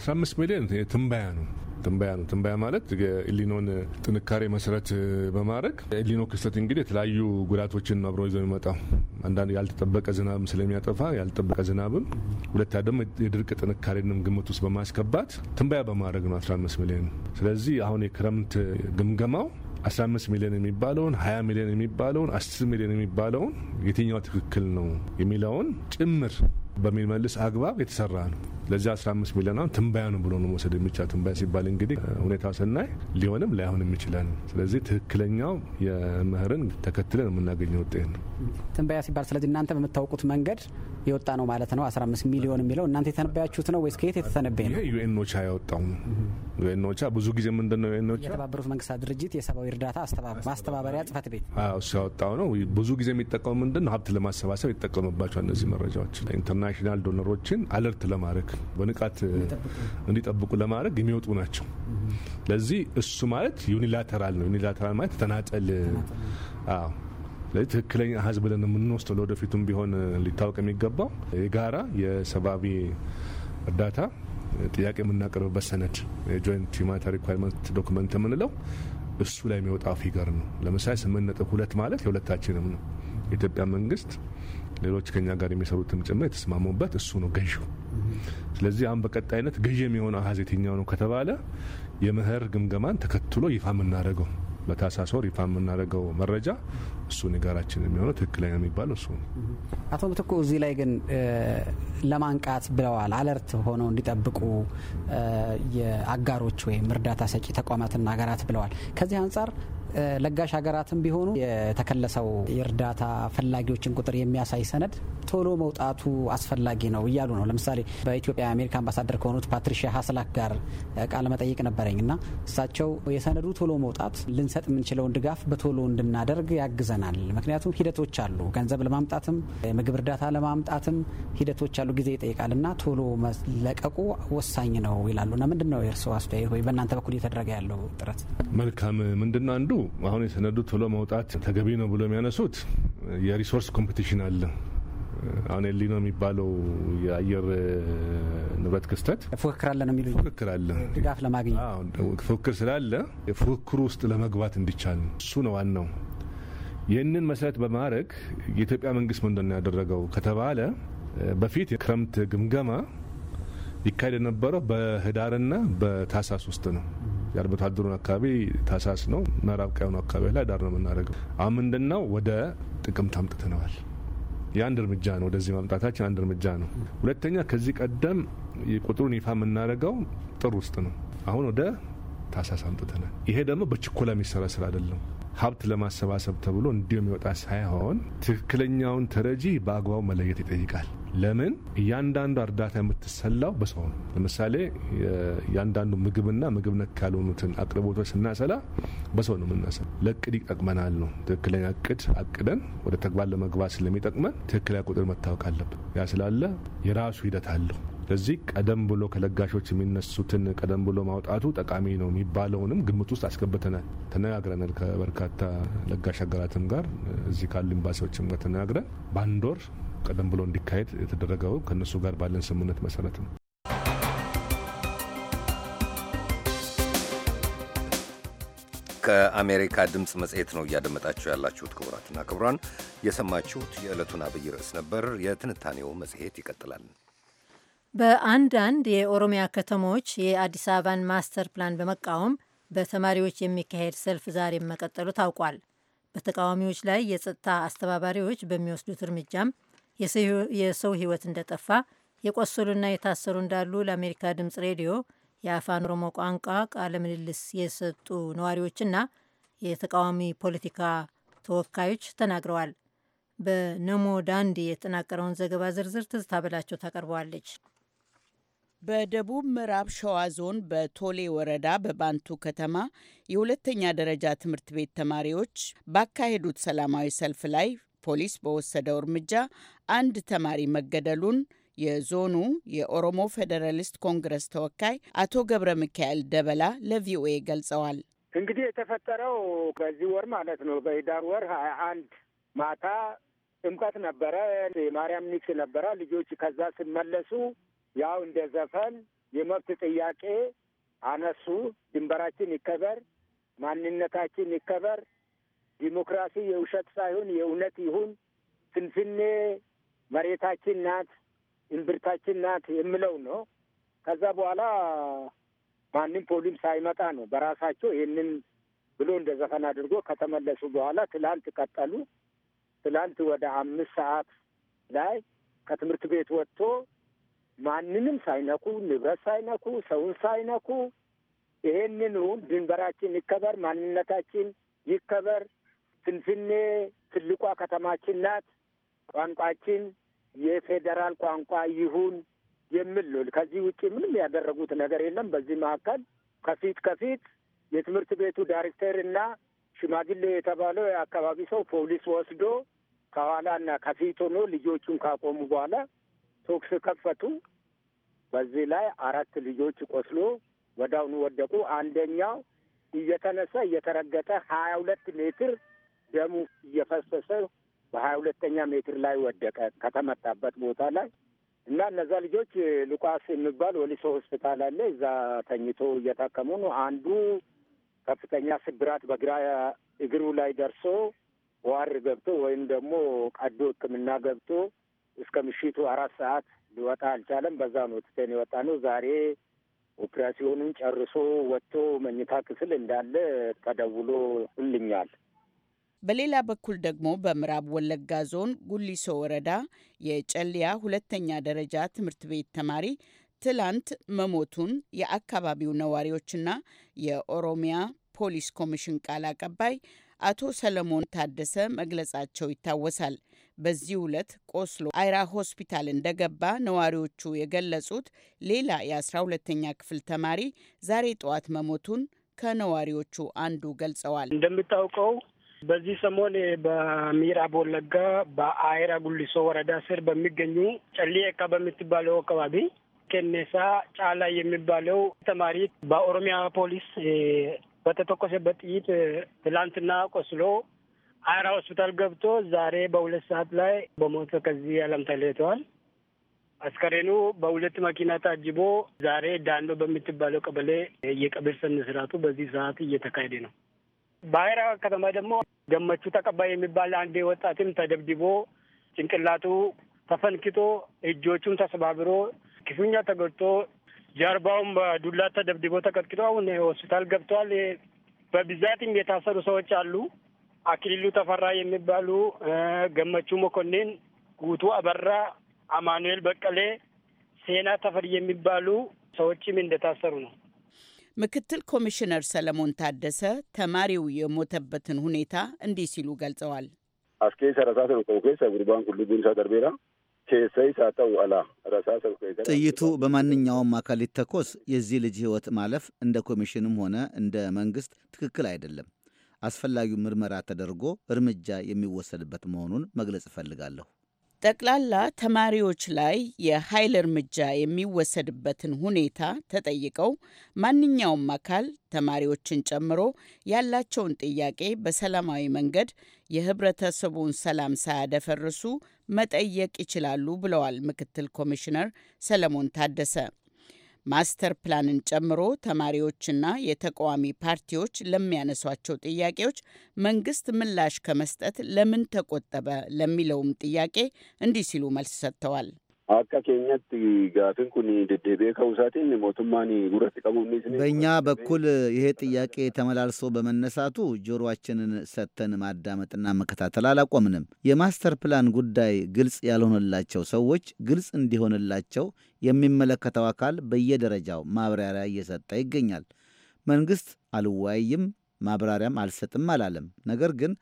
15 ሚሊዮን ትንበያ ነው። ትንበያ ነው። ትንበያ ማለት የኢሊኖን ጥንካሬ መሰረት በማድረግ የኢሊኖ ክስተት እንግዲህ የተለያዩ ጉዳቶችን አብሮ ይዘው የሚመጣው አንዳንድ ያልተጠበቀ ዝናብ ስለሚያጠፋ ያልተጠበቀ ዝናብም፣ ሁለታ ደግሞ የድርቅ ጥንካሬንም ግምት ውስጥ በማስገባት ትንበያ በማድረግ ነው 15 ሚሊዮን። ስለዚህ አሁን የክረምት ግምገማው 15 ሚሊዮን የሚባለውን 20 ሚሊዮን የሚባለውን 10 ሚሊዮን የሚባለውን የትኛው ትክክል ነው የሚለውን ጭምር በሚል መልስ አግባብ የተሰራ ነው። ለዚህ 15 ሚሊዮን አሁን ትንባያ ነው ብሎ ነው መውሰድ የሚቻል። ትንባያ ሲባል እንግዲህ ሁኔታ ስናይ ሊሆንም ላይሆንም ይችላል። ስለዚህ ትክክለኛው የምህርን ተከትለን የምናገኘው ውጤት ነው ትንባያ ሲባል። ስለዚህ እናንተ በምታውቁት መንገድ የወጣ ነው ማለት ነው። 15 ሚሊዮን የሚለው እናንተ የተነበያችሁት ነው ወይስ ከየት የተተነበየ ነው? ዩኤን ዩኤንኦቻ ያወጣው ነው። ዩኤን ዩኤንኦቻ ብዙ ጊዜ ምንድን ነው ዩኤንኦቻ የተባበሩት መንግስታት ድርጅት የሰብአዊ እርዳታ ማስተባበሪያ ጽህፈት ቤት እሱ ያወጣው ነው። ብዙ ጊዜ የሚጠቀሙ ምንድን ነው ሀብት ለማሰባሰብ ይጠቀምባቸዋል እነዚህ መረጃዎች ኢንተርናሽናል ዶነሮችን አለርት ለማድረግ በንቃት እንዲጠብቁ ለማድረግ የሚወጡ ናቸው። ለዚህ እሱ ማለት ዩኒላተራል ነው። ዩኒላተራል ማለት ተናጠል። ስለዚህ ትክክለኛ ህዝብ ብለን የምንወስደው ለወደፊቱም ቢሆን ሊታወቅ የሚገባው የጋራ የሰብአዊ እርዳታ ጥያቄ የምናቀርብበት ሰነድ የጆይንት ሁማኒታሪ ሪኳርመንት ዶክመንት የምንለው እሱ ላይ የሚወጣ ፊገር ነው። ለምሳሌ ስምንት ነጥብ ሁለት ማለት የሁለታችንም ነው። የኢትዮጵያ መንግስት ሌሎች ከኛ ጋር የሚሰሩትም ጭምር የተስማሙበት እሱ ነው ገዢው። ስለዚህ አሁን በቀጣይነት ገዢ የሚሆነ አሀዝ የትኛው ነው ከተባለ የምህር ግምገማን ተከትሎ ይፋ የምናደርገው በታህሳስ ወር ይፋ የምናደርገው መረጃ እሱ የጋራችን የሚሆነው ትክክለኛ የሚባለው እሱ ነው። አቶ ምትኩ እዚህ ላይ ግን ለማንቃት ብለዋል። አለርት ሆነው እንዲጠብቁ የአጋሮች ወይም እርዳታ ሰጪ ተቋማትና ሀገራት ብለዋል። ከዚህ አንጻር ለጋሽ ሀገራትም ቢሆኑ የተከለሰው የእርዳታ ፈላጊዎችን ቁጥር የሚያሳይ ሰነድ ቶሎ መውጣቱ አስፈላጊ ነው እያሉ ነው። ለምሳሌ በኢትዮጵያ የአሜሪካ አምባሳደር ከሆኑት ፓትሪሺያ ሀስላክ ጋር ቃለ መጠይቅ ነበረኝ እና እሳቸው የሰነዱ ቶሎ መውጣት ልንሰጥ የምንችለውን ድጋፍ በቶሎ እንድናደርግ ያግዘናል። ምክንያቱም ሂደቶች አሉ። ገንዘብ ለማምጣትም የምግብ እርዳታ ለማምጣትም ሂደቶች አሉ፣ ጊዜ ይጠይቃል እና ቶሎ መለቀቁ ወሳኝ ነው ይላሉ። እና ምንድን ነው የእርስዎ አስተያየት ወይ በእናንተ በኩል እየተደረገ ያለው ጥረት? መልካም ምንድን ነው አንዱ አሁን የሰነዱ ቶሎ መውጣት ተገቢ ነው ብሎ የሚያነሱት የሪሶርስ ኮምፒቲሽን አለ። አሁን ኤልኒኖ የሚባለው የአየር ንብረት ክስተት ፉክክር አለ ነው የሚሉኝ። ፉክክር አለ፣ ድጋፍ ለማግኘት ፉክክር ስላለ ፉክክሩ ውስጥ ለመግባት እንዲቻል እሱ ነው ዋናው። ይህንን መሰረት በማድረግ የኢትዮጵያ መንግስት ምንድን ነው ያደረገው ከተባለ በፊት የክረምት ግምገማ ይካሄድ የነበረው በህዳርና በታህሳስ ውስጥ ነው። የአርብቶ አደሩን አካባቢ ታሳስ ነው፣ ምዕራብ ቀያኑ አካባቢ ላይ ዳር ነው የምናደርገው። አሁን ምንድን ነው ወደ ጥቅምት አምጥተነዋል። የአንድ እርምጃ ነው፣ ወደዚህ ማምጣታችን አንድ እርምጃ ነው። ሁለተኛ ከዚህ ቀደም ቁጥሩን ይፋ የምናደርገው ጥር ውስጥ ነው። አሁን ወደ ታሳስ አምጥተናል። ይሄ ደግሞ በችኮላ የሚሰራ ስራ አይደለም። ሀብት ለማሰባሰብ ተብሎ እንዲሁ የሚወጣ ሳይሆን ትክክለኛውን ተረጂ በአግባቡ መለየት ይጠይቃል። ለምን እያንዳንዱ እርዳታ የምትሰላው በሰው ነው። ለምሳሌ እያንዳንዱ ምግብና ምግብ ነክ ያልሆኑትን አቅርቦቶች ስናሰላ በሰው ነው የምናሰላ። ለእቅድ ይጠቅመናል ነው ትክክለኛ እቅድ አቅደን ወደ ተግባር ለመግባት ስለሚጠቅመን ትክክለኛ ቁጥር መታወቅ አለብን። ያ ስላለ የራሱ ሂደት አለው። ስለዚህ ቀደም ብሎ ከለጋሾች የሚነሱትን ቀደም ብሎ ማውጣቱ ጠቃሚ ነው የሚባለውንም ግምት ውስጥ አስገብተናል። ተነጋግረናል ከበርካታ ለጋሽ ሀገራትም ጋር እዚህ ካሉ ኤምባሲዎችም ጋር ተነጋግረን በአንድ ወር ቀደም ብሎ እንዲካሄድ የተደረገው ከእነሱ ጋር ባለን ስምምነት መሰረት ነው። ከአሜሪካ ድምፅ መጽሔት ነው እያደመጣችሁ ያላችሁት። ክቡራትና ክቡራን የሰማችሁት የዕለቱን አብይ ርዕስ ነበር። የትንታኔው መጽሔት ይቀጥላል። በአንዳንድ የኦሮሚያ ከተሞች የአዲስ አበባን ማስተር ፕላን በመቃወም በተማሪዎች የሚካሄድ ሰልፍ ዛሬም መቀጠሉ ታውቋል። በተቃዋሚዎች ላይ የጸጥታ አስተባባሪዎች በሚወስዱት እርምጃም የሰው ህይወት እንደጠፋ የቆሰሉና የታሰሩ እንዳሉ ለአሜሪካ ድምፅ ሬዲዮ የአፋን ኦሮሞ ቋንቋ ቃለ ምልልስ የሰጡ ነዋሪዎችና የተቃዋሚ ፖለቲካ ተወካዮች ተናግረዋል። በነሞ ዳንዲ የተጠናቀረውን ዘገባ ዝርዝር ትዝታ በላቸው ታቀርበዋለች። በደቡብ ምዕራብ ሸዋ ዞን በቶሌ ወረዳ በባንቱ ከተማ የሁለተኛ ደረጃ ትምህርት ቤት ተማሪዎች ባካሄዱት ሰላማዊ ሰልፍ ላይ ፖሊስ በወሰደው እርምጃ አንድ ተማሪ መገደሉን የዞኑ የኦሮሞ ፌዴራሊስት ኮንግረስ ተወካይ አቶ ገብረ ሚካኤል ደበላ ለቪኦኤ ገልጸዋል። እንግዲህ የተፈጠረው በዚህ ወር ማለት ነው በህዳር ወር ሀያ አንድ ማታ ጥምቀት ነበረ፣ የማርያም ኒክስ ነበረ። ልጆች ከዛ ሲመለሱ ያው እንደ ዘፈን የመብት ጥያቄ አነሱ። ድንበራችን ይከበር፣ ማንነታችን ይከበር፣ ዲሞክራሲ የውሸት ሳይሆን የእውነት ይሁን። ፍንፍኔ መሬታችን ናት፣ እምብርታችን ናት የምለው ነው። ከዛ በኋላ ማንም ፖሊም ሳይመጣ ነው በራሳቸው ይህንን ብሎ እንደ ዘፈን አድርጎ ከተመለሱ በኋላ ትላንት ቀጠሉ። ትላንት ወደ አምስት ሰዓት ላይ ከትምህርት ቤት ወጥቶ ማንንም ሳይነኩ ንብረት ሳይነኩ ሰውን ሳይነኩ ይሄንኑ ድንበራችን ይከበር፣ ማንነታችን ይከበር፣ ፍንፍኔ ትልቋ ከተማችን ናት። ቋንቋችን የፌዴራል ቋንቋ ይሁን የሚል ነው። ከዚህ ውጭ ምንም ያደረጉት ነገር የለም። በዚህ መካከል ከፊት ከፊት የትምህርት ቤቱ ዳይሬክተር እና ሽማግሌ የተባለው የአካባቢ ሰው ፖሊስ ወስዶ ከኋላና ከፊት ሆኖ ልጆቹን ካቆሙ በኋላ ቶክስ ከፈቱ። በዚህ ላይ አራት ልጆች ቆስሎ ወዳውኑ ወደቁ። አንደኛው እየተነሳ እየተረገጠ ሀያ ሁለት ሜትር ደሙ እየፈሰሰ በሀያ ሁለተኛ ሜትር ላይ ወደቀ ከተመታበት ቦታ ላይ እና እነዛ ልጆች ሉቃስ የሚባል ወሊሶ ሆስፒታል አለ። እዛ ተኝቶ እየታከሙ ነው። አንዱ ከፍተኛ ስብራት በግራ እግሩ ላይ ደርሶ ዋር ገብቶ ወይም ደግሞ ቀዶ ሕክምና ገብቶ እስከ ምሽቱ አራት ሰዓት ሊወጣ አልቻለም። በዛ ነው ትተን የወጣ ነው። ዛሬ ኦፕሬሲዮኑን ጨርሶ ወጥቶ መኝታ ክፍል እንዳለ ተደውሎ ተደውሎልኛል። በሌላ በኩል ደግሞ በምዕራብ ወለጋ ዞን ጉሊሶ ወረዳ የጨልያ ሁለተኛ ደረጃ ትምህርት ቤት ተማሪ ትላንት መሞቱን የአካባቢው ነዋሪዎችና የኦሮሚያ ፖሊስ ኮሚሽን ቃል አቀባይ አቶ ሰለሞን ታደሰ መግለጻቸው ይታወሳል። በዚህ ዕለት ቆስሎ አይራ ሆስፒታል እንደገባ ነዋሪዎቹ የገለጹት ሌላ የ12ተኛ ክፍል ተማሪ ዛሬ ጠዋት መሞቱን ከነዋሪዎቹ አንዱ ገልጸዋል። እንደምታውቀው በዚህ ሰሞን በምዕራብ ወለጋ በአይራ ጉሊሶ ወረዳ ስር በሚገኙ ጨሊየካ በምትባለው አካባቢ ኬኔሳ ጫላ የሚባለው ተማሪ በኦሮሚያ ፖሊስ በተተኮሰበት ጥይት ትላንትና ቆስሎ አይራ ሆስፒታል ገብቶ ዛሬ በሁለት ሰዓት ላይ በሞት ከዚህ ዓለም ተለይተዋል። አስከሬኑ በሁለት መኪና ታጅቦ ዛሬ ዳንዶ በምትባለው ቀበሌ የቀብር ስነ ስርዓቱ በዚህ ሰዓት እየተካሄደ ነው። ባህራ ከተማ ደግሞ ገመቹ ተቀባይ የሚባል አንድ ወጣትም ተደብድቦ ጭንቅላቱ ተፈንክቶ እጆቹም ተሰባብሮ ክፉኛ ተጎድቶ ጀርባውም በዱላ ተደብድቦ ተቀጥቅጦ አሁን ሆስፒታል ገብተዋል። በብዛትም የታሰሩ ሰዎች አሉ። አክሊሉ ተፈራ የሚባሉ፣ ገመቹ መኮንን፣ ጉቱ አበራ፣ አማኑኤል በቀሌ፣ ሴና ተፈሪ የሚባሉ ሰዎችም እንደታሰሩ ነው። ምክትል ኮሚሽነር ሰለሞን ታደሰ ተማሪው የሞተበትን ሁኔታ እንዲህ ሲሉ ገልጸዋል። ጥይቱ በማንኛውም አካል ይተኮስ የዚህ ልጅ ሕይወት ማለፍ እንደ ኮሚሽንም ሆነ እንደ መንግሥት ትክክል አይደለም። አስፈላጊው ምርመራ ተደርጎ እርምጃ የሚወሰድበት መሆኑን መግለጽ እፈልጋለሁ። ጠቅላላ ተማሪዎች ላይ የኃይል እርምጃ የሚወሰድበትን ሁኔታ ተጠይቀው ማንኛውም አካል ተማሪዎችን ጨምሮ ያላቸውን ጥያቄ በሰላማዊ መንገድ የህብረተሰቡን ሰላም ሳያደፈርሱ መጠየቅ ይችላሉ ብለዋል ምክትል ኮሚሽነር ሰለሞን ታደሰ። ማስተር ፕላንን ጨምሮ ተማሪዎችና የተቃዋሚ ፓርቲዎች ለሚያነሷቸው ጥያቄዎች መንግስት ምላሽ ከመስጠት ለምን ተቆጠበ ለሚለውም ጥያቄ እንዲህ ሲሉ መልስ ሰጥተዋል። akka keenyatti gaafin kun deddeebi'ee ከውሳቴን ሞቱማን ጉረት ቀሙሚስ በእኛ በኩል ይሄ ጥያቄ ተመላልሶ በመነሳቱ ጆሮአችንን ሰጥተን ማዳመጥና መከታተል አላቆምንም። የማስተር ፕላን ጉዳይ ግልጽ ያልሆነላቸው ሰዎች ግልጽ እንዲሆንላቸው የሚመለከተው አካል በየደረጃው ማብራሪያ እየሰጠ ይገኛል። መንግሥት አልወያይም ማብራሪያም አልሰጥም አላለም። ነገር ግን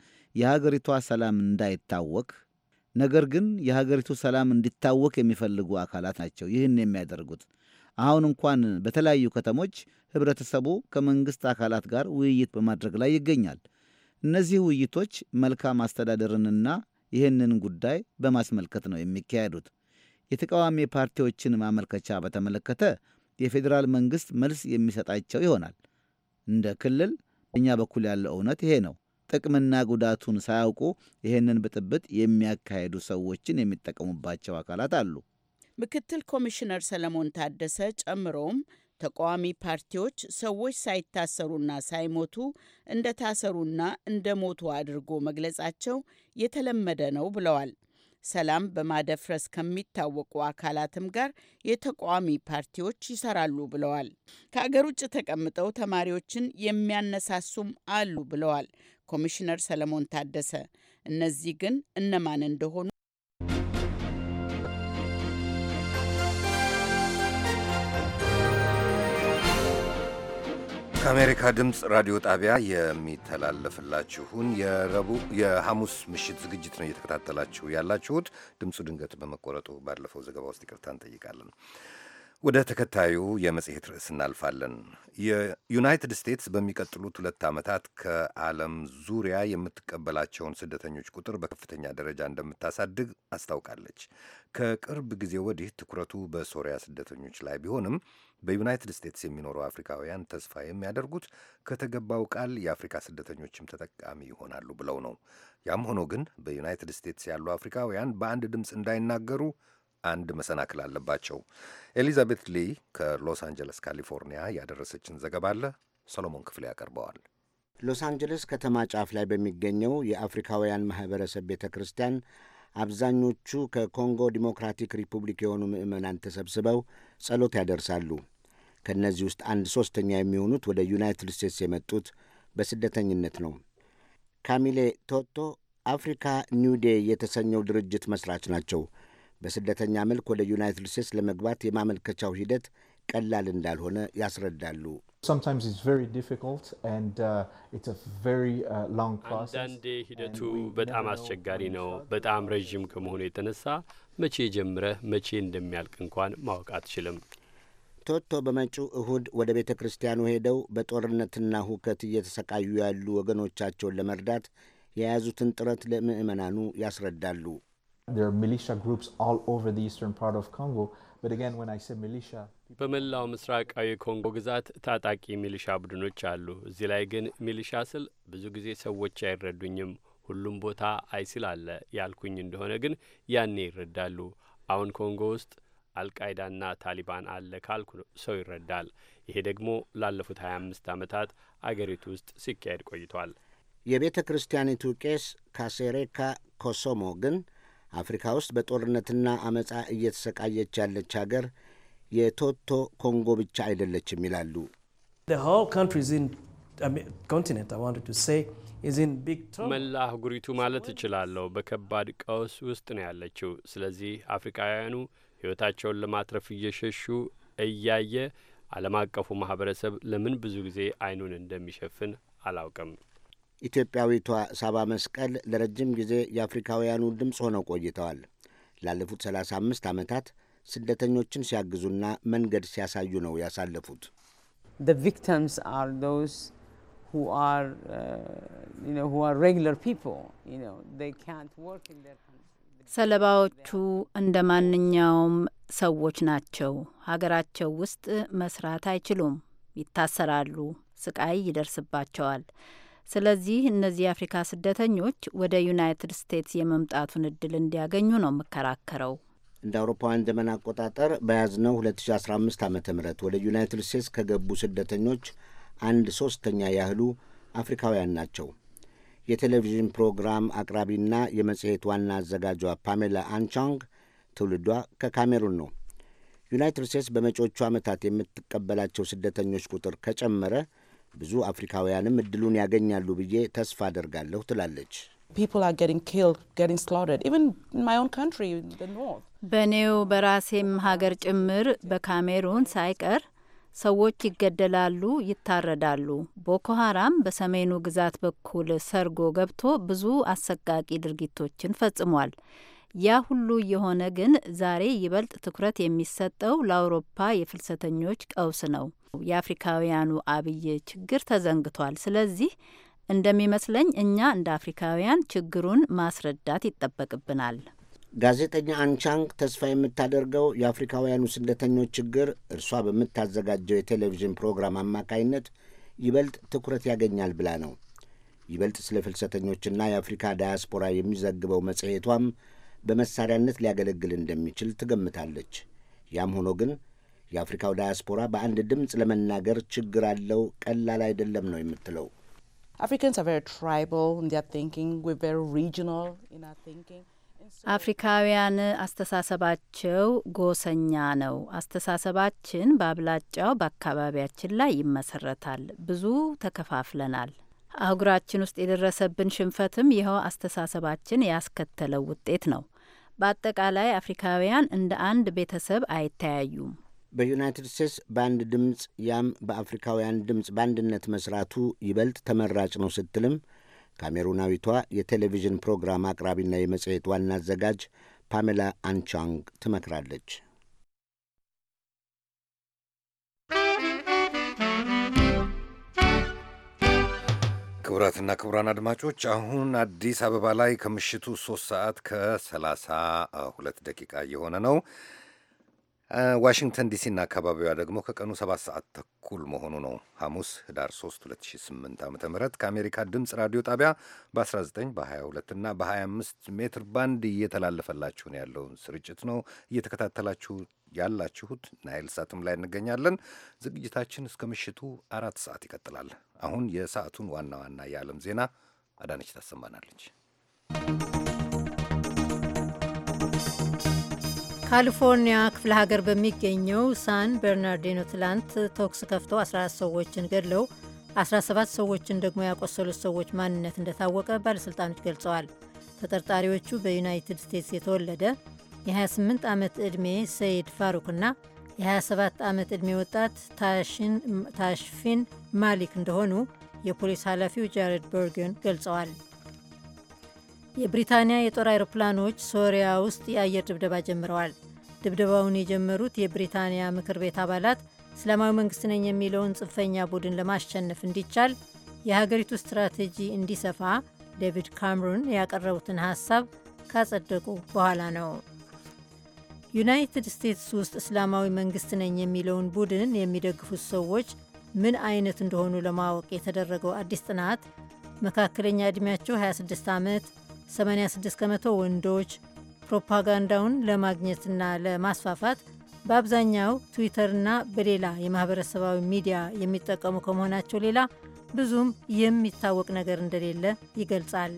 የሀገሪቷ ሰላም እንዳይታወክ ነገር ግን የሀገሪቱ ሰላም እንዲታወክ የሚፈልጉ አካላት ናቸው ይህን የሚያደርጉት። አሁን እንኳን በተለያዩ ከተሞች ህብረተሰቡ ከመንግሥት አካላት ጋር ውይይት በማድረግ ላይ ይገኛል። እነዚህ ውይይቶች መልካም አስተዳደርንና ይህንን ጉዳይ በማስመልከት ነው የሚካሄዱት። የተቃዋሚ ፓርቲዎችን ማመልከቻ በተመለከተ የፌዴራል መንግሥት መልስ የሚሰጣቸው ይሆናል። እንደ ክልል እኛ በኩል ያለው እውነት ይሄ ነው። ጥቅምና ጉዳቱን ሳያውቁ ይህንን ብጥብጥ የሚያካሄዱ ሰዎችን የሚጠቀሙባቸው አካላት አሉ። ምክትል ኮሚሽነር ሰለሞን ታደሰ ጨምሮም ተቃዋሚ ፓርቲዎች ሰዎች ሳይታሰሩና ሳይሞቱ እንደታሰሩና እንደሞቱ አድርጎ መግለጻቸው የተለመደ ነው ብለዋል። ሰላም በማደፍረስ ከሚታወቁ አካላትም ጋር የተቃዋሚ ፓርቲዎች ይሰራሉ ብለዋል። ከአገር ውጭ ተቀምጠው ተማሪዎችን የሚያነሳሱም አሉ ብለዋል። ኮሚሽነር ሰለሞን ታደሰ። እነዚህ ግን እነማን እንደሆኑ ከአሜሪካ ድምፅ ራዲዮ ጣቢያ የሚተላለፍላችሁን የረቡዕ የሐሙስ ምሽት ዝግጅት ነው እየተከታተላችሁ ያላችሁት። ድምፁ ድንገት በመቆረጡ ባለፈው ዘገባ ውስጥ ይቅርታ እንጠይቃለን። ወደ ተከታዩ የመጽሔት ርዕስ እናልፋለን። የዩናይትድ ስቴትስ በሚቀጥሉት ሁለት ዓመታት ከዓለም ዙሪያ የምትቀበላቸውን ስደተኞች ቁጥር በከፍተኛ ደረጃ እንደምታሳድግ አስታውቃለች። ከቅርብ ጊዜ ወዲህ ትኩረቱ በሶሪያ ስደተኞች ላይ ቢሆንም በዩናይትድ ስቴትስ የሚኖሩ አፍሪካውያን ተስፋ የሚያደርጉት ከተገባው ቃል የአፍሪካ ስደተኞችም ተጠቃሚ ይሆናሉ ብለው ነው። ያም ሆኖ ግን በዩናይትድ ስቴትስ ያሉ አፍሪካውያን በአንድ ድምፅ እንዳይናገሩ አንድ መሰናክል አለባቸው። ኤሊዛቤት ሊ ከሎስ አንጀለስ ካሊፎርኒያ ያደረሰችን ዘገባ አለ ሰሎሞን ክፍሌ ያቀርበዋል። ሎስ አንጀለስ ከተማ ጫፍ ላይ በሚገኘው የአፍሪካውያን ማኅበረሰብ ቤተ ክርስቲያን አብዛኞቹ ከኮንጎ ዲሞክራቲክ ሪፑብሊክ የሆኑ ምዕመናን ተሰብስበው ጸሎት ያደርሳሉ። ከእነዚህ ውስጥ አንድ ሦስተኛ የሚሆኑት ወደ ዩናይትድ ስቴትስ የመጡት በስደተኝነት ነው። ካሚሌ ቶቶ አፍሪካ ኒው ዴይ የተሰኘው ድርጅት መሥራች ናቸው። በስደተኛ መልክ ወደ ዩናይትድ ስቴትስ ለመግባት የማመልከቻው ሂደት ቀላል እንዳልሆነ ያስረዳሉ። uh, uh, አንዳንዴ ሂደቱ በጣም አስቸጋሪ ነው። በጣም ረዥም ከመሆኑ የተነሳ መቼ ጀምረህ መቼ እንደሚያልቅ እንኳን ማወቅ አትችልም። ቶቶ በመጪው እሁድ ወደ ቤተ ክርስቲያኑ ሄደው በጦርነትና ሁከት እየተሰቃዩ ያሉ ወገኖቻቸውን ለመርዳት የያዙትን ጥረት ለምዕመናኑ ያስረዳሉ። There are militia groups all over the eastern part of Congo. But again, when I say militia, በመላው ምስራቃዊ ኮንጎ ግዛት ታጣቂ ሚሊሻ ቡድኖች አሉ። እዚህ ላይ ግን ሚሊሻ ስል ብዙ ጊዜ ሰዎች አይረዱኝም። ሁሉም ቦታ አይሲል አለ ያልኩኝ እንደሆነ ግን ያኔ ይረዳሉ። አሁን ኮንጎ ውስጥ አልቃይዳና ታሊባን አለ ካልኩ ሰው ይረዳል። ይሄ ደግሞ ላለፉት 25 ዓመታት አገሪቱ ውስጥ ሲካሄድ ቆይቷል። የቤተ ክርስቲያኒቱ ቄስ ካሴሬካ ኮሶሞ ግን አፍሪካ ውስጥ በጦርነትና አመፃ እየተሰቃየች ያለች ሀገር የቶቶ ኮንጎ ብቻ አይደለችም ይላሉ። መላ አህጉሪቱ ማለት እችላለሁ በከባድ ቀውስ ውስጥ ነው ያለችው። ስለዚህ አፍሪካውያኑ ሕይወታቸውን ለማትረፍ እየሸሹ እያየ ዓለም አቀፉ ማህበረሰብ ለምን ብዙ ጊዜ አይኑን እንደሚሸፍን አላውቅም። ኢትዮጵያዊቷ ሳባ መስቀል ለረጅም ጊዜ የአፍሪካውያኑ ድምፅ ሆነው ቆይተዋል። ላለፉት 35 ዓመታት ስደተኞችን ሲያግዙና መንገድ ሲያሳዩ ነው ያሳለፉት። uh, ሰለባዎቹ እንደ ማንኛውም ሰዎች ናቸው። ሀገራቸው ውስጥ መስራት አይችሉም፣ ይታሰራሉ፣ ስቃይ ይደርስባቸዋል። ስለዚህ እነዚህ የአፍሪካ ስደተኞች ወደ ዩናይትድ ስቴትስ የመምጣቱን እድል እንዲያገኙ ነው የምከራከረው። እንደ አውሮፓውያን ዘመን አቆጣጠር በያዝነው 2015 ዓ ም ወደ ዩናይትድ ስቴትስ ከገቡ ስደተኞች አንድ ሶስተኛ ያህሉ አፍሪካውያን ናቸው። የቴሌቪዥን ፕሮግራም አቅራቢና የመጽሔት ዋና አዘጋጇ ፓሜላ አንቻንግ ትውልዷ ከካሜሩን ነው። ዩናይትድ ስቴትስ በመጪዎቹ ዓመታት የምትቀበላቸው ስደተኞች ቁጥር ከጨመረ ብዙ አፍሪካውያንም እድሉን ያገኛሉ ብዬ ተስፋ አደርጋለሁ ትላለች። በኔው በራሴም ሀገር ጭምር በካሜሩን ሳይቀር ሰዎች ይገደላሉ፣ ይታረዳሉ። ቦኮ ሀራም በሰሜኑ ግዛት በኩል ሰርጎ ገብቶ ብዙ አሰቃቂ ድርጊቶችን ፈጽሟል። ያ ሁሉ የሆነ ግን ዛሬ ይበልጥ ትኩረት የሚሰጠው ለአውሮፓ የፍልሰተኞች ቀውስ ነው። የአፍሪካውያኑ አብይ ችግር ተዘንግቷል። ስለዚህ እንደሚመስለኝ እኛ እንደ አፍሪካውያን ችግሩን ማስረዳት ይጠበቅብናል። ጋዜጠኛ አንቻንግ ተስፋ የምታደርገው የአፍሪካውያኑ ስደተኞች ችግር እርሷ በምታዘጋጀው የቴሌቪዥን ፕሮግራም አማካይነት ይበልጥ ትኩረት ያገኛል ብላ ነው። ይበልጥ ስለ ፍልሰተኞችና የአፍሪካ ዳያስፖራ የሚዘግበው መጽሔቷም በመሳሪያነት ሊያገለግል እንደሚችል ትገምታለች። ያም ሆኖ ግን የአፍሪካው ዳያስፖራ በአንድ ድምፅ ለመናገር ችግር አለው፣ ቀላል አይደለም ነው የምትለው። አፍሪካውያን አስተሳሰባቸው ጎሰኛ ነው። አስተሳሰባችን በአብላጫው በአካባቢያችን ላይ ይመሰረታል። ብዙ ተከፋፍለናል። አህጉራችን ውስጥ የደረሰብን ሽንፈትም ይኸው አስተሳሰባችን ያስከተለው ውጤት ነው። በአጠቃላይ አፍሪካውያን እንደ አንድ ቤተሰብ አይተያዩም። በዩናይትድ ስቴትስ በአንድ ድምፅ ያም በአፍሪካውያን ድምፅ በአንድነት መስራቱ ይበልጥ ተመራጭ ነው ስትልም ካሜሩናዊቷ የቴሌቪዥን ፕሮግራም አቅራቢና የመጽሔት ዋና አዘጋጅ ፓሜላ አንቻንግ ትመክራለች። ክቡራትና ክቡራን አድማጮች አሁን አዲስ አበባ ላይ ከምሽቱ ሶስት ሰዓት ከ32 ደቂቃ እየሆነ ነው። ዋሽንግተን ዲሲና አካባቢዋ ደግሞ ከቀኑ ሰባት ሰዓት ተኩል መሆኑ ነው። ሐሙስ ህዳር 3 2008 ዓ ም ከአሜሪካ ድምፅ ራዲዮ ጣቢያ በ19 በ22 እና በ25 ሜትር ባንድ እየተላለፈላችሁን ያለውን ስርጭት ነው እየተከታተላችሁ ያላችሁት። ናይል ሳትም ላይ እንገኛለን። ዝግጅታችን እስከ ምሽቱ አራት ሰዓት ይቀጥላል። አሁን የሰዓቱን ዋና ዋና የዓለም ዜና አዳነች ታሰማናለች። ካሊፎርኒያ ክፍለ ሀገር በሚገኘው ሳን በርናርዲኖ ትላንት ተኩስ ከፍተው 14 ሰዎችን ገድለው 17 ሰዎችን ደግሞ ያቆሰሉት ሰዎች ማንነት እንደታወቀ ባለሥልጣኖች ገልጸዋል። ተጠርጣሪዎቹ በዩናይትድ ስቴትስ የተወለደ የ28 ዓመት ዕድሜ ሰይድ ፋሩክና የ27 ዓመት ዕድሜ ወጣት ታሽፊን ማሊክ እንደሆኑ የፖሊስ ኃላፊው ጃሬድ በርግን ገልጸዋል። የብሪታንያ የጦር አይሮፕላኖች ሶሪያ ውስጥ የአየር ድብደባ ጀምረዋል። ድብደባውን የጀመሩት የብሪታንያ ምክር ቤት አባላት እስላማዊ መንግስት ነኝ የሚለውን ጽንፈኛ ቡድን ለማሸነፍ እንዲቻል የሀገሪቱ ስትራቴጂ እንዲሰፋ ዴቪድ ካምሩን ያቀረቡትን ሀሳብ ካጸደቁ በኋላ ነው። ዩናይትድ ስቴትስ ውስጥ እስላማዊ መንግስት ነኝ የሚለውን ቡድን የሚደግፉት ሰዎች ምን አይነት እንደሆኑ ለማወቅ የተደረገው አዲስ ጥናት መካከለኛ ዕድሜያቸው 26 ዓመት 86 ከመቶ ወንዶች ፕሮፓጋንዳውን ለማግኘትና ለማስፋፋት በአብዛኛው ትዊተርና በሌላ የማህበረሰባዊ ሚዲያ የሚጠቀሙ ከመሆናቸው ሌላ ብዙም የሚታወቅ ነገር እንደሌለ ይገልጻል።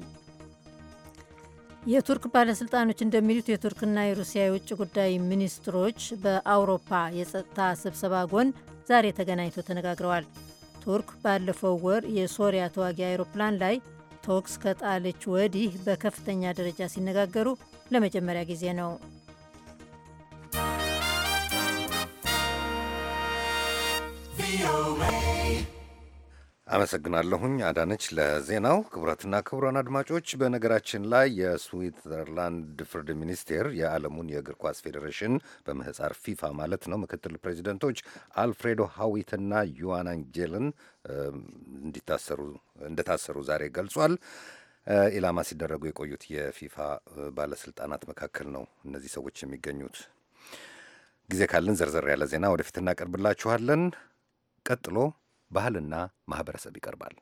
የቱርክ ባለሥልጣኖች እንደሚሉት የቱርክና የሩሲያ የውጭ ጉዳይ ሚኒስትሮች በአውሮፓ የጸጥታ ስብሰባ ጎን ዛሬ ተገናኝተው ተነጋግረዋል። ቱርክ ባለፈው ወር የሶሪያ ተዋጊ አይሮፕላን ላይ ቶክስ ከጣለች ወዲህ በከፍተኛ ደረጃ ሲነጋገሩ ለመጀመሪያ ጊዜ ነው። ቪኦኤ አመሰግናለሁኝ አዳነች ለዜናው። ክቡራትና ክቡራን አድማጮች በነገራችን ላይ የስዊትዘርላንድ ፍርድ ሚኒስቴር የዓለሙን የእግር ኳስ ፌዴሬሽን በምህፃር ፊፋ ማለት ነው ምክትል ፕሬዚደንቶች አልፍሬዶ ሀዊትና ዮዋን አንጀልን እንዲታሰሩ እንደታሰሩ ዛሬ ገልጿል። ኢላማ ሲደረጉ የቆዩት የፊፋ ባለስልጣናት መካከል ነው እነዚህ ሰዎች የሚገኙት። ጊዜ ካለን ዘርዘር ያለ ዜና ወደፊት እናቀርብላችኋለን። ቀጥሎ ባህልና ማህበረሰብ ይቀርባል።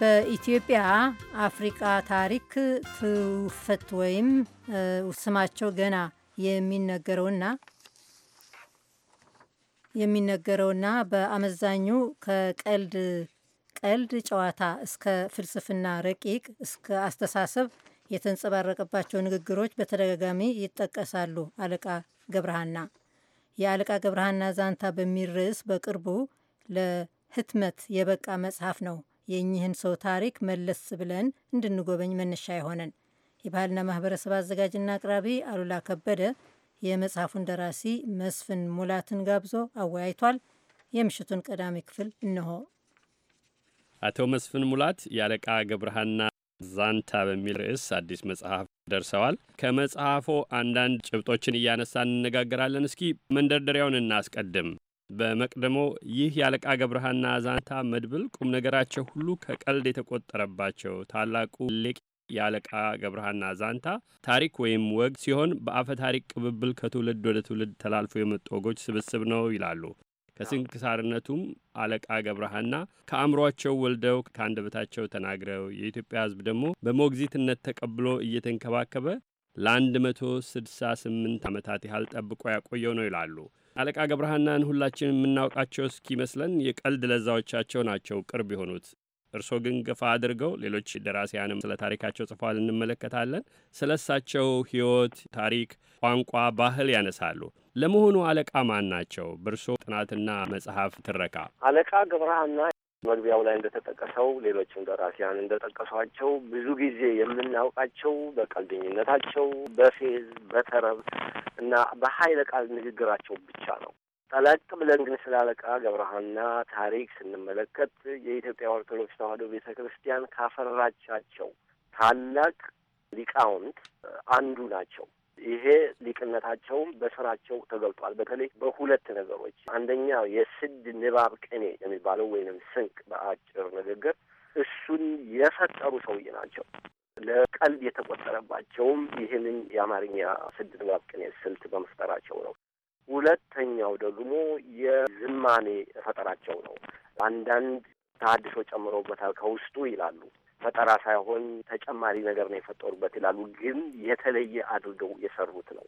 በኢትዮጵያ አፍሪቃ ታሪክ ትውፈት ወይም ስማቸው ገና የሚነገረውና የሚነገረውና በአመዛኙ ከቀልድ ቀልድ ጨዋታ እስከ ፍልስፍና ረቂቅ እስከ አስተሳሰብ የተንጸባረቀባቸው ንግግሮች በተደጋጋሚ ይጠቀሳሉ። አለቃ ገብረሃና የአለቃ ገብረሃና ዛንታ በሚል ርዕስ በቅርቡ ለህትመት የበቃ መጽሐፍ ነው የእኚህን ሰው ታሪክ መለስ ብለን እንድንጎበኝ መነሻ የሆነን። የባህልና ማህበረሰብ አዘጋጅና አቅራቢ አሉላ ከበደ የመጽሐፉን ደራሲ መስፍን ሙላትን ጋብዞ አወያይቷል። የምሽቱን ቀዳሚ ክፍል እነሆ። አቶ መስፍን ሙላት የአለቃ ገብረሃና ዛንታ በሚል ርዕስ አዲስ መጽሐፍ ደርሰዋል። ከመጽሐፎ አንዳንድ ጭብጦችን እያነሳ እንነጋገራለን። እስኪ መንደርደሪያውን እናስቀድም። በመቅደሞ ይህ የአለቃ ገብረሃና ዛንታ መድብል ቁም ነገራቸው ሁሉ ከቀልድ የተቆጠረባቸው ታላቁ ሊቅ የአለቃ ገብረሃና ዛንታ ታሪክ ወይም ወግ ሲሆን በአፈ ታሪክ ቅብብል ከትውልድ ወደ ትውልድ ተላልፎ የመጡ ወጎች ስብስብ ነው ይላሉ። ከስንክሳርነቱም አለቃ ገብረሃና ከአእምሯቸው ወልደው ከአንደበታቸው ተናግረው የኢትዮጵያ ሕዝብ ደግሞ በሞግዚትነት ተቀብሎ እየተንከባከበ ለአንድ መቶ ስድሳ ስምንት ዓመታት ያህል ጠብቆ ያቆየው ነው ይላሉ። አለቃ ገብረሃናን ሁላችን የምናውቃቸው እስኪመስለን የቀልድ ለዛዎቻቸው ናቸው ቅርብ የሆኑት። እርስዎ ግን ገፋ አድርገው ሌሎች ደራሲያንም ስለ ታሪካቸው ጽፏል እንመለከታለን። ስለ እሳቸው ሕይወት፣ ታሪክ፣ ቋንቋ፣ ባህል ያነሳሉ። ለመሆኑ አለቃ ማን ናቸው? በእርሶ ጥናትና መጽሐፍ ትረካ አለቃ ገብረሃና መግቢያው ላይ እንደተጠቀሰው ሌሎችም ደራሲያን እንደጠቀሷቸው ብዙ ጊዜ የምናውቃቸው በቀልደኝነታቸው፣ በፌዝ፣ በተረብ እና በኃይለ ቃል ንግግራቸው ብቻ ነው። ጠለቅ ብለን ግን ስለ አለቃ ገብረሃና ታሪክ ስንመለከት የኢትዮጵያ ኦርቶዶክስ ተዋሕዶ ቤተ ክርስቲያን ካፈራቻቸው ታላቅ ሊቃውንት አንዱ ናቸው። ይሄ ሊቅነታቸውም በስራቸው ተገልጧል። በተለይ በሁለት ነገሮች፣ አንደኛው የስድ ንባብ ቅኔ የሚባለው ወይንም ስንቅ በአጭር ንግግር እሱን የፈጠሩ ሰውዬ ናቸው። ለቀልድ የተቆጠረባቸውም ይህንን የአማርኛ ስድ ንባብ ቅኔ ስልት በመፍጠራቸው ነው። ሁለተኛው ደግሞ የዝማኔ ፈጠራቸው ነው። አንዳንድ ተሐድሶ ጨምሮበታል ከውስጡ ይላሉ። ፈጠራ ሳይሆን ተጨማሪ ነገር ነው የፈጠሩበት ይላሉ። ግን የተለየ አድርገው የሰሩት ነው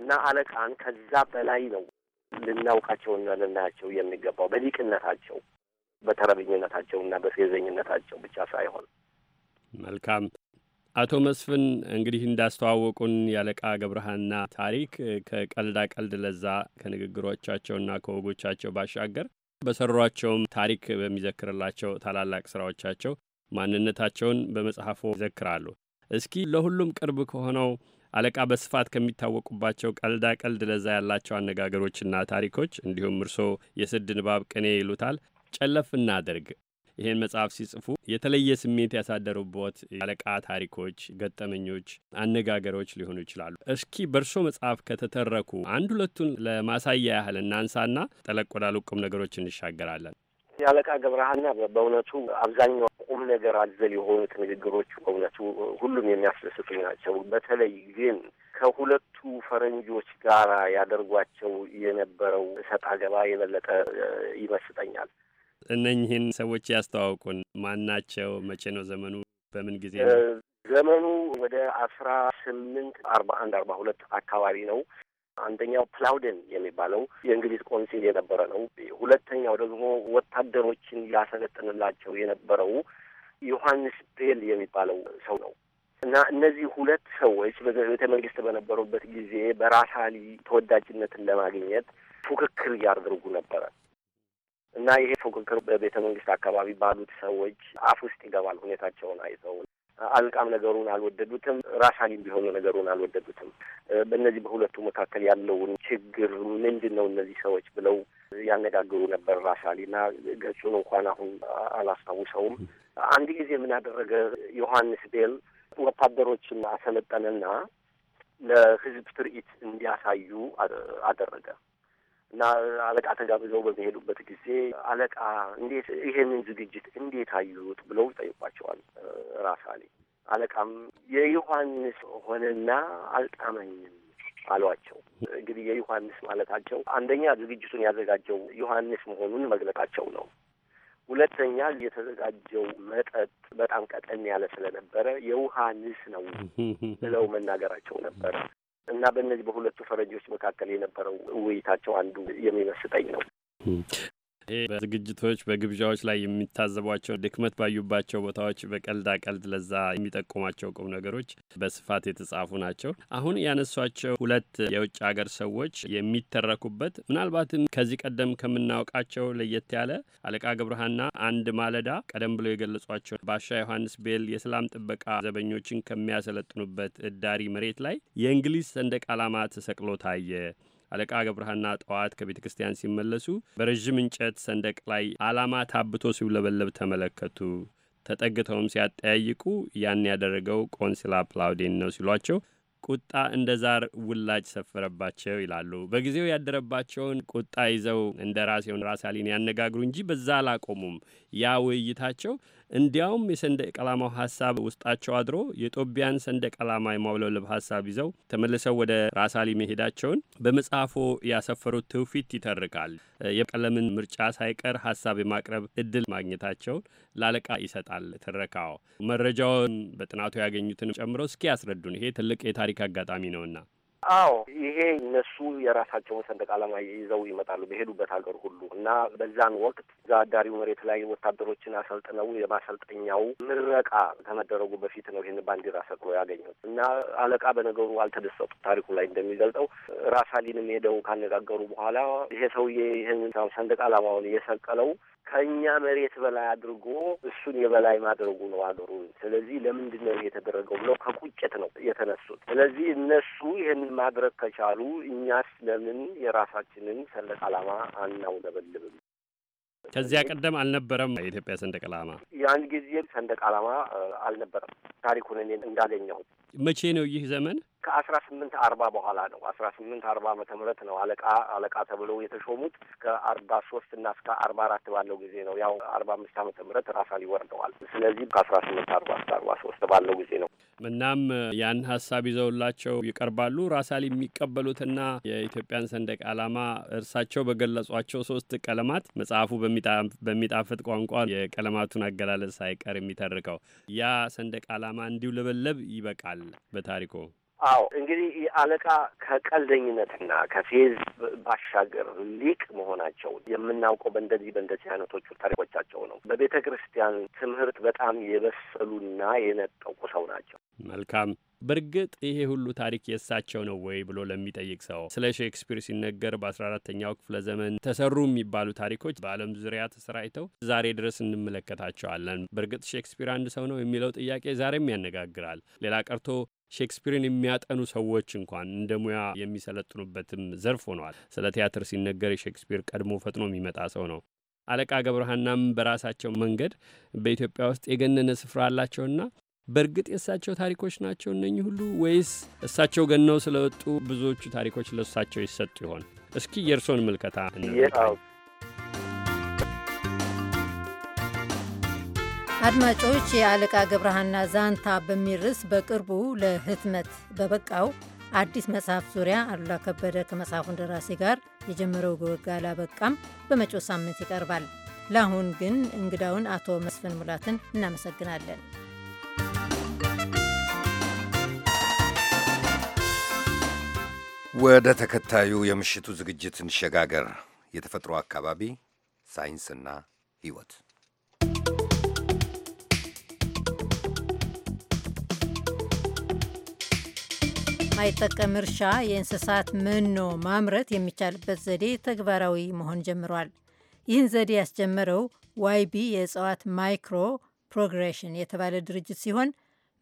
እና አለቃን ከዛ በላይ ነው ልናውቃቸውና ልናያቸው የሚገባው በሊቅነታቸው በተረብኝነታቸውና በፌዘኝነታቸው ብቻ ሳይሆን። መልካም አቶ መስፍን እንግዲህ እንዳስተዋወቁን ያለቃ ገብረሃና ታሪክ ከቀልዳ ቀልድ ለዛ ከንግግሮቻቸውና ከወጎቻቸው ባሻገር በሰሯቸውም ታሪክ በሚዘክርላቸው ታላላቅ ስራዎቻቸው ማንነታቸውን በመጽሐፎ ይዘክራሉ። እስኪ ለሁሉም ቅርብ ከሆነው አለቃ በስፋት ከሚታወቁባቸው ቀልዳ ቀልድ ለዛ ያላቸው አነጋገሮችና ታሪኮች እንዲሁም እርሶ የስድ ንባብ ቅኔ ይሉታል ጨለፍ እናደርግ ይህን መጽሐፍ ሲጽፉ የተለየ ስሜት ያሳደሩበት አለቃ ታሪኮች፣ ገጠመኞች፣ አነጋገሮች ሊሆኑ ይችላሉ። እስኪ በእርሶ መጽሐፍ ከተተረኩ አንድ ሁለቱን ለማሳያ ያህል እናንሳና ጠለቅ ወዳሉ ቁም ነገሮች እንሻገራለን። የአለቃ ገብረሃና በእውነቱ አብዛኛው ቁም ነገር አዘል የሆኑት ንግግሮች በእውነቱ ሁሉም የሚያስደስቱ ናቸው። በተለይ ግን ከሁለቱ ፈረንጆች ጋር ያደርጓቸው የነበረው ሰጣ ገባ የበለጠ ይመስጠኛል። እነኝህን ሰዎች ያስተዋውቁን። ማናቸው መቼ ነው ዘመኑ? በምን ጊዜ ነው? ዘመኑ ወደ አስራ ስምንት አርባ አንድ አርባ ሁለት አካባቢ ነው። አንደኛው ፕላውደን የሚባለው የእንግሊዝ ቆንሲል የነበረ ነው። ሁለተኛው ደግሞ ወታደሮችን ያሰለጥንላቸው የነበረው ዮሐንስ ቤል የሚባለው ሰው ነው እና እነዚህ ሁለት ሰዎች በቤተ መንግስት በነበሩበት ጊዜ በራሳሊ ተወዳጅነትን ለማግኘት ፉክክር እያደርጉ ነበረ እና ይሄ ፉክክር በቤተ መንግስት አካባቢ ባሉት ሰዎች አፍ ውስጥ ይገባል ሁኔታቸውን አይተው አልቃም ነገሩን አልወደዱትም፣ ራሳሊም ቢሆኑ ነገሩን አልወደዱትም። በእነዚህ በሁለቱ መካከል ያለውን ችግር ምንድን ነው እነዚህ ሰዎች ብለው ያነጋግሩ ነበር። ራሳሊና ገጹን እንኳን አሁን አላስታውሰውም። አንድ ጊዜ ምን ያደረገ ዮሐንስ ቤል ወታደሮችን አሰለጠነና ለህዝብ ትርኢት እንዲያሳዩ አደረገ። እና አለቃ ተጋብዘው በሚሄዱበት ጊዜ አለቃ እንዴት ይሄንን ዝግጅት እንዴት አዩት ብለው ይጠይቋቸዋል። ራስ አሊ አለቃም የዮሐንስ ሆነና አልጣመኝም አሏቸው። እንግዲህ የዮሐንስ ማለታቸው አንደኛ ዝግጅቱን ያዘጋጀው ዮሐንስ መሆኑን መግለጣቸው ነው። ሁለተኛ የተዘጋጀው መጠጥ በጣም ቀጠን ያለ ስለነበረ የውሃ ንስ ነው ብለው መናገራቸው ነበረ። እና በእነዚህ በሁለቱ ፈረጆች መካከል የነበረው ውይይታቸው አንዱ የሚመስጠኝ ነው። በዝግጅቶች በግብዣዎች ላይ የሚታዘቧቸው ድክመት ባዩባቸው ቦታዎች በቀልዳ ቀልድ ለዛ የሚጠቁማቸው ቁም ነገሮች በስፋት የተጻፉ ናቸው። አሁን ያነሷቸው ሁለት የውጭ ሀገር ሰዎች የሚተረኩበት ምናልባትም ከዚህ ቀደም ከምናውቃቸው ለየት ያለ አለቃ ገብረሃና አንድ ማለዳ ቀደም ብለው የገለጿቸው ባሻ ዮሐንስ ቤል የሰላም ጥበቃ ዘበኞችን ከሚያሰለጥኑበት እዳሪ መሬት ላይ የእንግሊዝ ሰንደቅ ዓላማ ተሰቅሎ ታየ። አለቃ ገብረሃና ጠዋት ከቤተ ክርስቲያን ሲመለሱ በረዥም እንጨት ሰንደቅ ላይ አላማ ታብቶ ሲውለበለብ ተመለከቱ። ተጠግተውም ሲያጠያይቁ ያን ያደረገው ቆንስላ ፕላውዴን ነው ሲሏቸው ቁጣ እንደ ዛር ውላጅ ሰፈረባቸው ይላሉ። በጊዜው ያደረባቸውን ቁጣ ይዘው እንደ ራሴውን ራሳሊን ያነጋግሩ እንጂ በዛ አላቆሙም። ያ ውይይታቸው እንዲያውም የሰንደቅ ዓላማው ሀሳብ ውስጣቸው አድሮ የጦቢያን ሰንደቅ ዓላማ የማውለብለብ ሀሳብ ይዘው ተመልሰው ወደ ራሳሊ መሄዳቸውን በመጽሐፎ ያሰፈሩት ትውፊት ይተርካል። የቀለምን ምርጫ ሳይቀር ሀሳብ የማቅረብ እድል ማግኘታቸውን ላለቃ ይሰጣል። ትረካው መረጃውን በጥናቱ ያገኙትን ጨምሮ እስኪ ያስረዱን። ይሄ ትልቅ የታሪክ አጋጣሚ ነውና አዎ ይሄ እነሱ የራሳቸውን ሰንደቅ ዓላማ ይዘው ይመጣሉ በሄዱበት ሀገር ሁሉ እና በዛን ወቅት ዛዳሪው መሬት ላይ ወታደሮችን አሰልጥነው የማሰልጠኛው ምረቃ ከመደረጉ በፊት ነው ይህን ባንዲራ ሰቅሎ ያገኘው እና አለቃ በነገሩ አልተደሰጡ። ታሪኩ ላይ እንደሚገልጠው ራሳሊንም ሄደው ካነጋገሩ በኋላ ይሄ ሰውዬ ይህን ሰንደቅ ዓላማውን የሰቀለው ከእኛ መሬት በላይ አድርጎ እሱን የበላይ ማድረጉ ነው ሀገሩ። ስለዚህ ለምንድን ነው የተደረገው ብለው ከቁጭት ነው የተነሱት። ስለዚህ እነሱ ይህንን ማድረግ ከቻሉ እኛስ ለምን የራሳችንን ሰንደቅ ዓላማ አናውለበልብም? ከዚያ ቀደም አልነበረም የኢትዮጵያ ሰንደቅ ዓላማ። ያን ጊዜ ሰንደቅ ዓላማ አልነበረም። ታሪኩን እኔ እንዳገኘሁት መቼ ነው ይህ ዘመን ከአስራ ስምንት አርባ በኋላ ነው። አስራ ስምንት አርባ ዓመተ ምህረት ነው አለቃ አለቃ ተብለው የተሾሙት እስከ አርባ ሶስት እና እስከ አርባ አራት ባለው ጊዜ ነው። ያው አርባ አምስት ዓመተ ምህረት ራሳን ይወርደዋል። ስለዚህ ከአስራ ስምንት አርባ እስከ አርባ ሶስት ባለው ጊዜ ነው። እናም ያን ሀሳብ ይዘውላቸው ይቀርባሉ። ራሳሊ የሚቀበሉትና የኢትዮጵያን ሰንደቅ ዓላማ እርሳቸው በገለጿቸው ሶስት ቀለማት መጽሐፉ በሚጣፍጥ ቋንቋ የቀለማቱን አገላለጽ ሳይቀር የሚተርከው ያ ሰንደቅ ዓላማ እንዲውለበለብ ይበቃል በታሪኮ አዎ እንግዲህ አለቃ ከቀልደኝነትና ከፌዝ ባሻገር ሊቅ መሆናቸው የምናውቀው በእንደዚህ በእንደዚህ አይነቶቹ ታሪኮቻቸው ነው። በቤተ ክርስቲያን ትምህርት በጣም የበሰሉና የነጠቁ ሰው ናቸው። መልካም። በእርግጥ ይሄ ሁሉ ታሪክ የእሳቸው ነው ወይ ብሎ ለሚጠይቅ ሰው ስለ ሼክስፒር ሲነገር በአስራ አራተኛው ክፍለ ዘመን ተሰሩ የሚባሉ ታሪኮች በዓለም ዙሪያ ተሰራጭተው ዛሬ ድረስ እንመለከታቸዋለን። በእርግጥ ሼክስፒር አንድ ሰው ነው የሚለው ጥያቄ ዛሬም ያነጋግራል። ሌላ ቀርቶ ሼክስፒርን የሚያጠኑ ሰዎች እንኳን እንደ ሙያ የሚሰለጥኑበትም ዘርፍ ሆኗል። ስለ ቲያትር ሲነገር የሼክስፒር ቀድሞ ፈጥኖ የሚመጣ ሰው ነው። አለቃ ገብረሃናም በራሳቸው መንገድ በኢትዮጵያ ውስጥ የገነነ ስፍራ አላቸውና በእርግጥ የእሳቸው ታሪኮች ናቸው እነኚህ ሁሉ ወይስ እሳቸው ገነው ስለወጡ ብዙዎቹ ታሪኮች ለእሳቸው ይሰጡ ይሆን? እስኪ የእርሶን ምልከታ አድማጮች የአለቃ ገብረሃና ዛንታ በሚል ርዕስ በቅርቡ ለህትመት በበቃው አዲስ መጽሐፍ ዙሪያ አሉላ ከበደ ከመጽሐፉ ደራሲ ጋር የጀመረው ወግ አላበቃም። በመጪው ሳምንት ይቀርባል። ለአሁን ግን እንግዳውን አቶ መስፍን ሙላትን እናመሰግናለን። ወደ ተከታዩ የምሽቱ ዝግጅት እንሸጋገር። የተፈጥሮ አካባቢ ሳይንስና ህይወት ማይጠቀም እርሻ የእንስሳት መኖ ማምረት የሚቻልበት ዘዴ ተግባራዊ መሆን ጀምሯል። ይህን ዘዴ ያስጀመረው ዋይቢ የእጽዋት ማይክሮ ፕሮግሬሽን የተባለ ድርጅት ሲሆን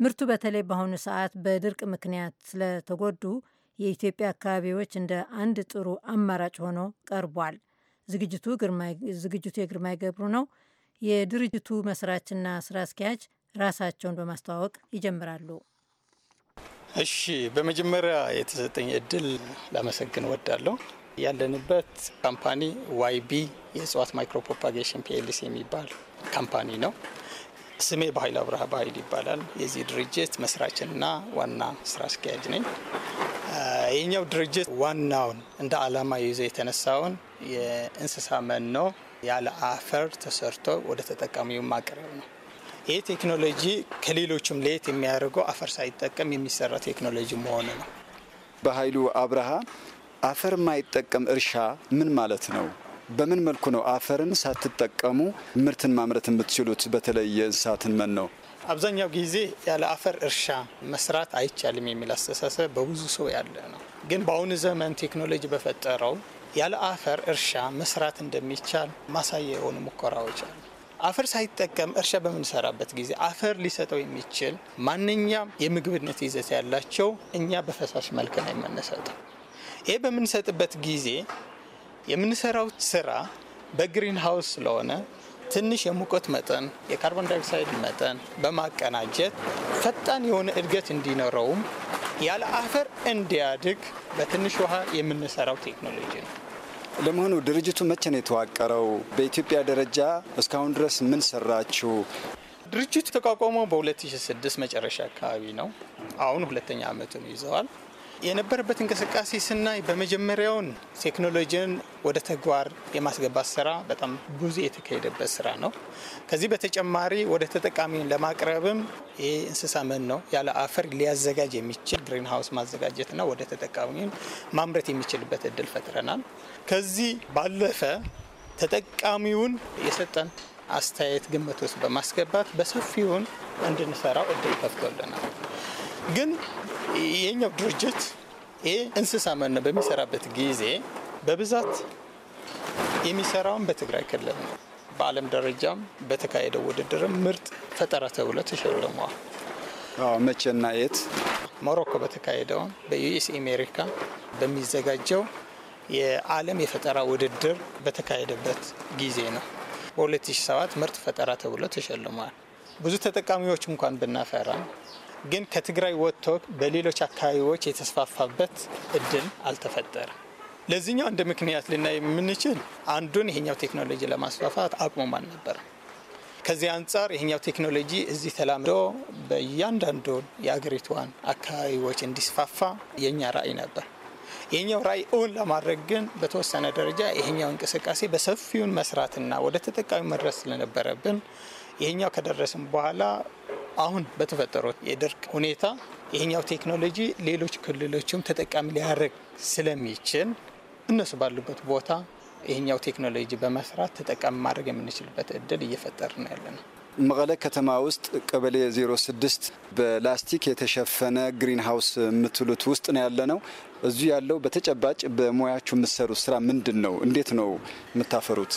ምርቱ በተለይ በአሁኑ ሰዓት በድርቅ ምክንያት ስለተጎዱ የኢትዮጵያ አካባቢዎች እንደ አንድ ጥሩ አማራጭ ሆኖ ቀርቧል። ዝግጅቱ የግርማይ ገብሩ ነው። የድርጅቱ መስራችና ስራ አስኪያጅ ራሳቸውን በማስተዋወቅ ይጀምራሉ። እሺ በመጀመሪያ የተሰጠኝ እድል ላመሰግን ወዳለሁ። ያለንበት ካምፓኒ ዋይቢ የእጽዋት ማይክሮ ፕሮፓጌሽን ፒኤልሲ የሚባል ካምፓኒ ነው። ስሜ በኃይል አብርሃ በኃይል ይባላል። የዚህ ድርጅት መስራችና ዋና ስራ አስኪያጅ ነኝ። የኛው ድርጅት ዋናውን እንደ አላማ ይዞ የተነሳውን የእንስሳ መኖ ያለ አፈር ተሰርቶ ወደ ተጠቃሚው ማቅረብ ነው። ይህ ቴክኖሎጂ ከሌሎችም ለየት የሚያደርገው አፈር ሳይጠቀም የሚሰራ ቴክኖሎጂ መሆኑ ነው። በኃይሉ አብርሃ፣ አፈር ማይጠቀም እርሻ ምን ማለት ነው? በምን መልኩ ነው አፈርን ሳትጠቀሙ ምርትን ማምረት የምትችሉት? በተለይ የእንስሳትን መኖ ነው። አብዛኛው ጊዜ ያለ አፈር እርሻ መስራት አይቻልም የሚል አስተሳሰብ በብዙ ሰው ያለ ነው። ግን በአሁኑ ዘመን ቴክኖሎጂ በፈጠረው ያለ አፈር እርሻ መስራት እንደሚቻል ማሳያ የሆኑ ሙከራዎች አሉ። አፈር ሳይጠቀም እርሻ በምንሰራበት ጊዜ አፈር ሊሰጠው የሚችል ማንኛውም የምግብነት ይዘት ያላቸው እኛ በፈሳሽ መልክ ነው የምንሰጠው። ይህ በምንሰጥበት ጊዜ የምንሰራው ስራ በግሪን ሀውስ ስለሆነ ትንሽ የሙቀት መጠን፣ የካርቦን ዳይኦክሳይድ መጠን በማቀናጀት ፈጣን የሆነ እድገት እንዲኖረውም ያለ አፈር እንዲያድግ በትንሽ ውሃ የምንሰራው ቴክኖሎጂ ነው። ለመሆኑ ድርጅቱ መቼ ነው የተዋቀረው? በኢትዮጵያ ደረጃ እስካሁን ድረስ ምን ሰራችሁ? ድርጅቱ የተቋቋመው በ2006 መጨረሻ አካባቢ ነው። አሁን ሁለተኛ ዓመቱን ይዘዋል። የነበረበት እንቅስቃሴ ስናይ በመጀመሪያውን ቴክኖሎጂን ወደ ተግባር የማስገባት ስራ በጣም ብዙ የተካሄደበት ስራ ነው። ከዚህ በተጨማሪ ወደ ተጠቃሚ ለማቅረብም ይህ እንስሳ መን ነው ያለ አፈር ሊያዘጋጅ የሚችል ግሪን ሀውስ ማዘጋጀትና ወደ ተጠቃሚን ማምረት የሚችልበት እድል ፈጥረናል። ከዚህ ባለፈ ተጠቃሚውን የሰጠን አስተያየት ግምት ውስጥ በማስገባት በሰፊውን እንድንሰራው እድል ከፍቶልናል ግን የኛው ድርጅት ይህ እንስሳ መኖ በሚሰራበት ጊዜ በብዛት የሚሰራውን በትግራይ ክልል ነው። በዓለም ደረጃም በተካሄደው ውድድርም ምርጥ ፈጠራ ተብሎ ተሸልሟል። መቼና የት? ሞሮኮ በተካሄደውን በዩኤስ አሜሪካ በሚዘጋጀው የዓለም የፈጠራ ውድድር በተካሄደበት ጊዜ ነው። በ2007 ምርጥ ፈጠራ ተብሎ ተሸልሟል። ብዙ ተጠቃሚዎች እንኳን ብናፈራ ግን ከትግራይ ወጥቶ በሌሎች አካባቢዎች የተስፋፋበት እድል አልተፈጠረም። ለዚህኛው እንደ ምክንያት ልናይ የምንችል አንዱን ይሄኛው ቴክኖሎጂ ለማስፋፋት አቅሙም አልነበረም። ከዚህ አንጻር ይሄኛው ቴክኖሎጂ እዚህ ተላምዶ በእያንዳንዱን የአገሪቷን አካባቢዎች እንዲስፋፋ የእኛ ራዕይ ነበር። ይህኛው ራዕይ እውን ለማድረግ ግን በተወሰነ ደረጃ ይሄኛው እንቅስቃሴ በሰፊውን መስራትና ወደ ተጠቃሚ መድረስ ስለነበረብን ይሄኛው ከደረስም በኋላ አሁን በተፈጠረው የድርቅ ሁኔታ ይሄኛው ቴክኖሎጂ ሌሎች ክልሎችም ተጠቃሚ ሊያደርግ ስለሚችል እነሱ ባሉበት ቦታ ይሄኛው ቴክኖሎጂ በመስራት ተጠቃሚ ማድረግ የምንችልበት እድል እየፈጠር ነው ያለ ነው። መቀለ ከተማ ውስጥ ቀበሌ 06 በላስቲክ የተሸፈነ ግሪን ሀውስ የምትሉት ውስጥ ነው ያለ ነው። እዚሁ ያለው በተጨባጭ በሙያችሁ የምትሰሩት ስራ ምንድን ነው? እንዴት ነው የምታፈሩት?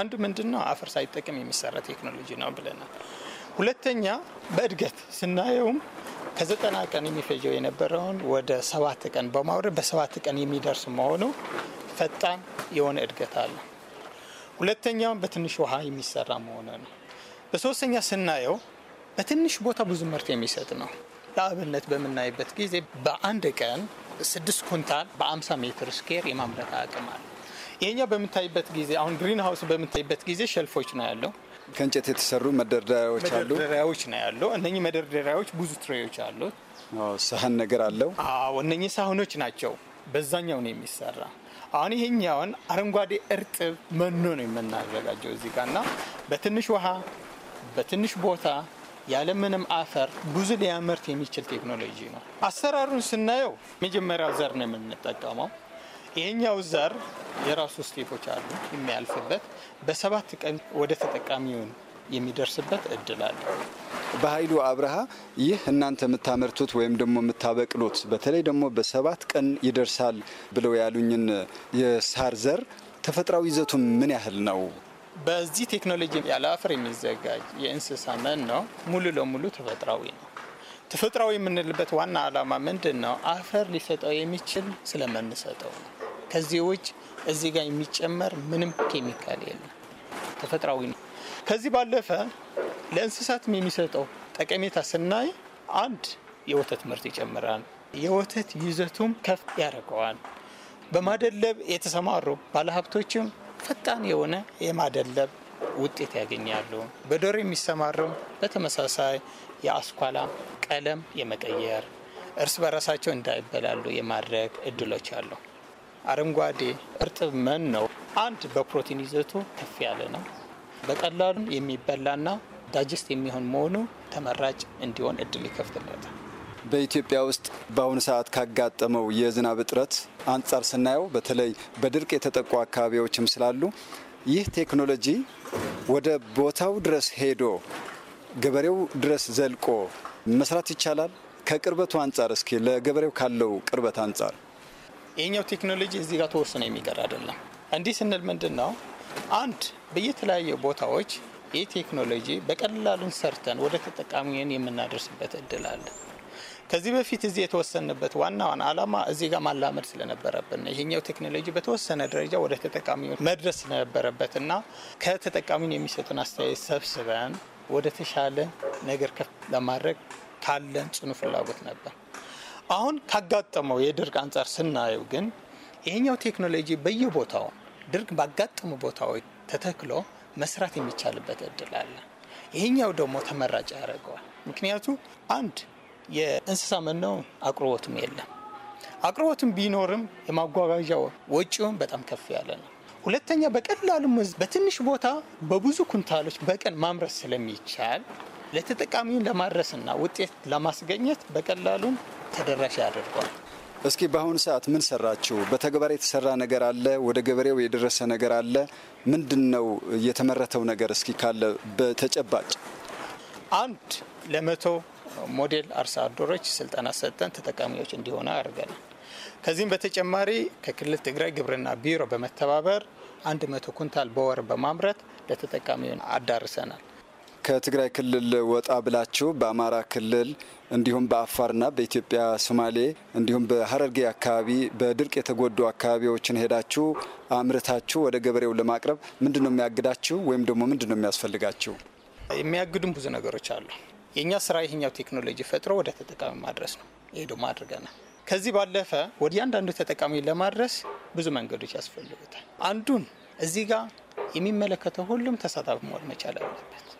አንዱ ምንድን ነው አፈር ሳይጠቅም የሚሰራ ቴክኖሎጂ ነው ብለናል። ሁለተኛ በእድገት ስናየውም ከዘጠና ቀን የሚፈጀው የነበረውን ወደ ሰባት ቀን በማውረድ በሰባት ቀን የሚደርስ መሆኑ ፈጣን የሆነ እድገት አለ። ሁለተኛውም በትንሽ ውሃ የሚሰራ መሆኑ ነው። በሶስተኛ ስናየው በትንሽ ቦታ ብዙ ምርት የሚሰጥ ነው። ለአብነት በምናይበት ጊዜ በአንድ ቀን ስድስት ኩንታል በአምሳ ሜትር ስኬር የማምረት አቅም አለ። ይሄኛው በምታይበት ጊዜ አሁን ግሪን ሀውስ በምታይበት ጊዜ ሸልፎች ነው ያለው ከእንጨት የተሰሩ መደርደሪያዎች አሉ። መደርደሪያዎች ነው ያለው። እነኚህ መደርደሪያዎች ብዙ ትሬዎች አሉት። ሳህን ነገር አለው። አዎ እነኚህ ሳህኖች ናቸው። በዛኛው ነው የሚሰራ። አሁን ይሄኛውን አረንጓዴ እርጥብ መኖ ነው የምናዘጋጀው እዚህ ጋር እና በትንሽ ውሃ በትንሽ ቦታ ያለምንም አፈር ብዙ ሊያመርት የሚችል ቴክኖሎጂ ነው። አሰራሩን ስናየው መጀመሪያ ዘር ነው የምንጠቀመው። ይሄኛው ዘር የራሱ ስቴፖች አሉ የሚያልፍበት በሰባት ቀን ወደ ተጠቃሚውን የሚደርስበት እድል አለ። በኃይሉ አብርሃ ይህ እናንተ የምታመርቱት ወይም ደግሞ የምታበቅሉት በተለይ ደግሞ በሰባት ቀን ይደርሳል ብለው ያሉኝን የሳር ዘር ተፈጥሯዊ ይዘቱ ምን ያህል ነው? በዚህ ቴክኖሎጂ ያለ አፈር የሚዘጋጅ የእንስሳ መን ነው። ሙሉ ለሙሉ ተፈጥሯዊ ነው። ተፈጥሯዊ የምንልበት ዋና ዓላማ ምንድን ነው? አፈር ሊሰጠው የሚችል ስለምንሰጠው ነው። ከዚህ ውጭ እዚህ ጋር የሚጨመር ምንም ኬሚካል የለም፣ ተፈጥሯዊ ነው። ከዚህ ባለፈ ለእንስሳትም የሚሰጠው ጠቀሜታ ስናይ አንድ የወተት ምርት ይጨምራል፣ የወተት ይዘቱም ከፍ ያደርገዋል። በማደለብ የተሰማሩ ባለሀብቶችም ፈጣን የሆነ የማደለብ ውጤት ያገኛሉ። በዶሮ የሚሰማረው በተመሳሳይ የአስኳላ ቀለም የመቀየር እርስ በራሳቸው እንዳይበላሉ የማድረግ እድሎች አሉ። አረንጓዴ እርጥብ መን ነው። አንድ በፕሮቲን ይዘቱ ከፍ ያለ ነው። በቀላሉ የሚበላና ዳጀስት የሚሆን መሆኑ ተመራጭ እንዲሆን እድል ይከፍትለታል። በኢትዮጵያ ውስጥ በአሁኑ ሰዓት ካጋጠመው የዝናብ እጥረት አንጻር ስናየው በተለይ በድርቅ የተጠቁ አካባቢዎችም ስላሉ ይህ ቴክኖሎጂ ወደ ቦታው ድረስ ሄዶ ገበሬው ድረስ ዘልቆ መስራት ይቻላል። ከቅርበቱ አንጻር እስኪ ለገበሬው ካለው ቅርበት አንጻር ይህኛው ቴክኖሎጂ እዚህ ጋር ተወስኖ የሚቀር አይደለም። እንዲህ ስንል ምንድን ነው አንድ በየተለያዩ ቦታዎች ይህ ቴክኖሎጂ በቀላሉን ሰርተን ወደ ተጠቃሚውን የምናደርስበት እድል አለ። ከዚህ በፊት እዚህ የተወሰንበት ዋና ዋና አላማ እዚህ ጋር ማላመድ ስለነበረብን ይሄኛው ቴክኖሎጂ በተወሰነ ደረጃ ወደ ተጠቃሚ መድረስ ስለነበረበት እና ከተጠቃሚን የሚሰጡን አስተያየት ሰብስበን ወደ ተሻለ ነገር ከፍ ለማድረግ ካለን ጽኑ ፍላጎት ነበር። አሁን ካጋጠመው የድርቅ አንጻር ስናየው ግን ይሄኛው ቴክኖሎጂ በየቦታው ድርቅ ባጋጠሙ ቦታዎች ተተክሎ መስራት የሚቻልበት እድል አለ። ይሄኛው ደግሞ ተመራጭ ያደርገዋል። ምክንያቱ አንድ የእንስሳ መኖ አቅርቦትም የለም። አቅርቦትም ቢኖርም የማጓጓዣው ወጪውን በጣም ከፍ ያለ ነው። ሁለተኛ በቀላሉ በትንሽ ቦታ በብዙ ኩንታሎች በቀን ማምረት ስለሚቻል ለተጠቃሚውን ለማድረስና ውጤት ለማስገኘት በቀላሉም ተደራሽ ያደርገዋል። እስኪ በአሁኑ ሰዓት ምን ሰራችሁ? በተግባር የተሰራ ነገር አለ? ወደ ገበሬው የደረሰ ነገር አለ? ምንድን ነው የተመረተው ነገር? እስኪ ካለ በተጨባጭ አንድ ለመቶ ሞዴል አርሶ አደሮች ስልጠና ሰጠን ተጠቃሚዎች እንዲሆነ አድርገናል። ከዚህም በተጨማሪ ከክልል ትግራይ ግብርና ቢሮ በመተባበር አንድ መቶ ኩንታል በወር በማምረት ለተጠቃሚ አዳርሰናል። ከትግራይ ክልል ወጣ ብላችሁ በአማራ ክልል እንዲሁም በአፋርና በኢትዮጵያ ሶማሌ እንዲሁም በሀረርጌ አካባቢ በድርቅ የተጎዱ አካባቢዎችን ሄዳችሁ አምርታችሁ ወደ ገበሬው ለማቅረብ ምንድን ነው የሚያግዳችሁ ወይም ደግሞ ምንድን ነው የሚያስፈልጋችሁ? የሚያግዱም ብዙ ነገሮች አሉ። የእኛ ስራ ይህኛው ቴክኖሎጂ ፈጥሮ ወደ ተጠቃሚ ማድረስ ነው። ይሄ ደግሞ አድርገናል። ከዚህ ባለፈ ወደ እያንዳንዱ ተጠቃሚ ለማድረስ ብዙ መንገዶች ያስፈልጉታል። አንዱን እዚህ ጋር የሚመለከተው ሁሉም ተሳታፊ መሆን መቻል አለበት።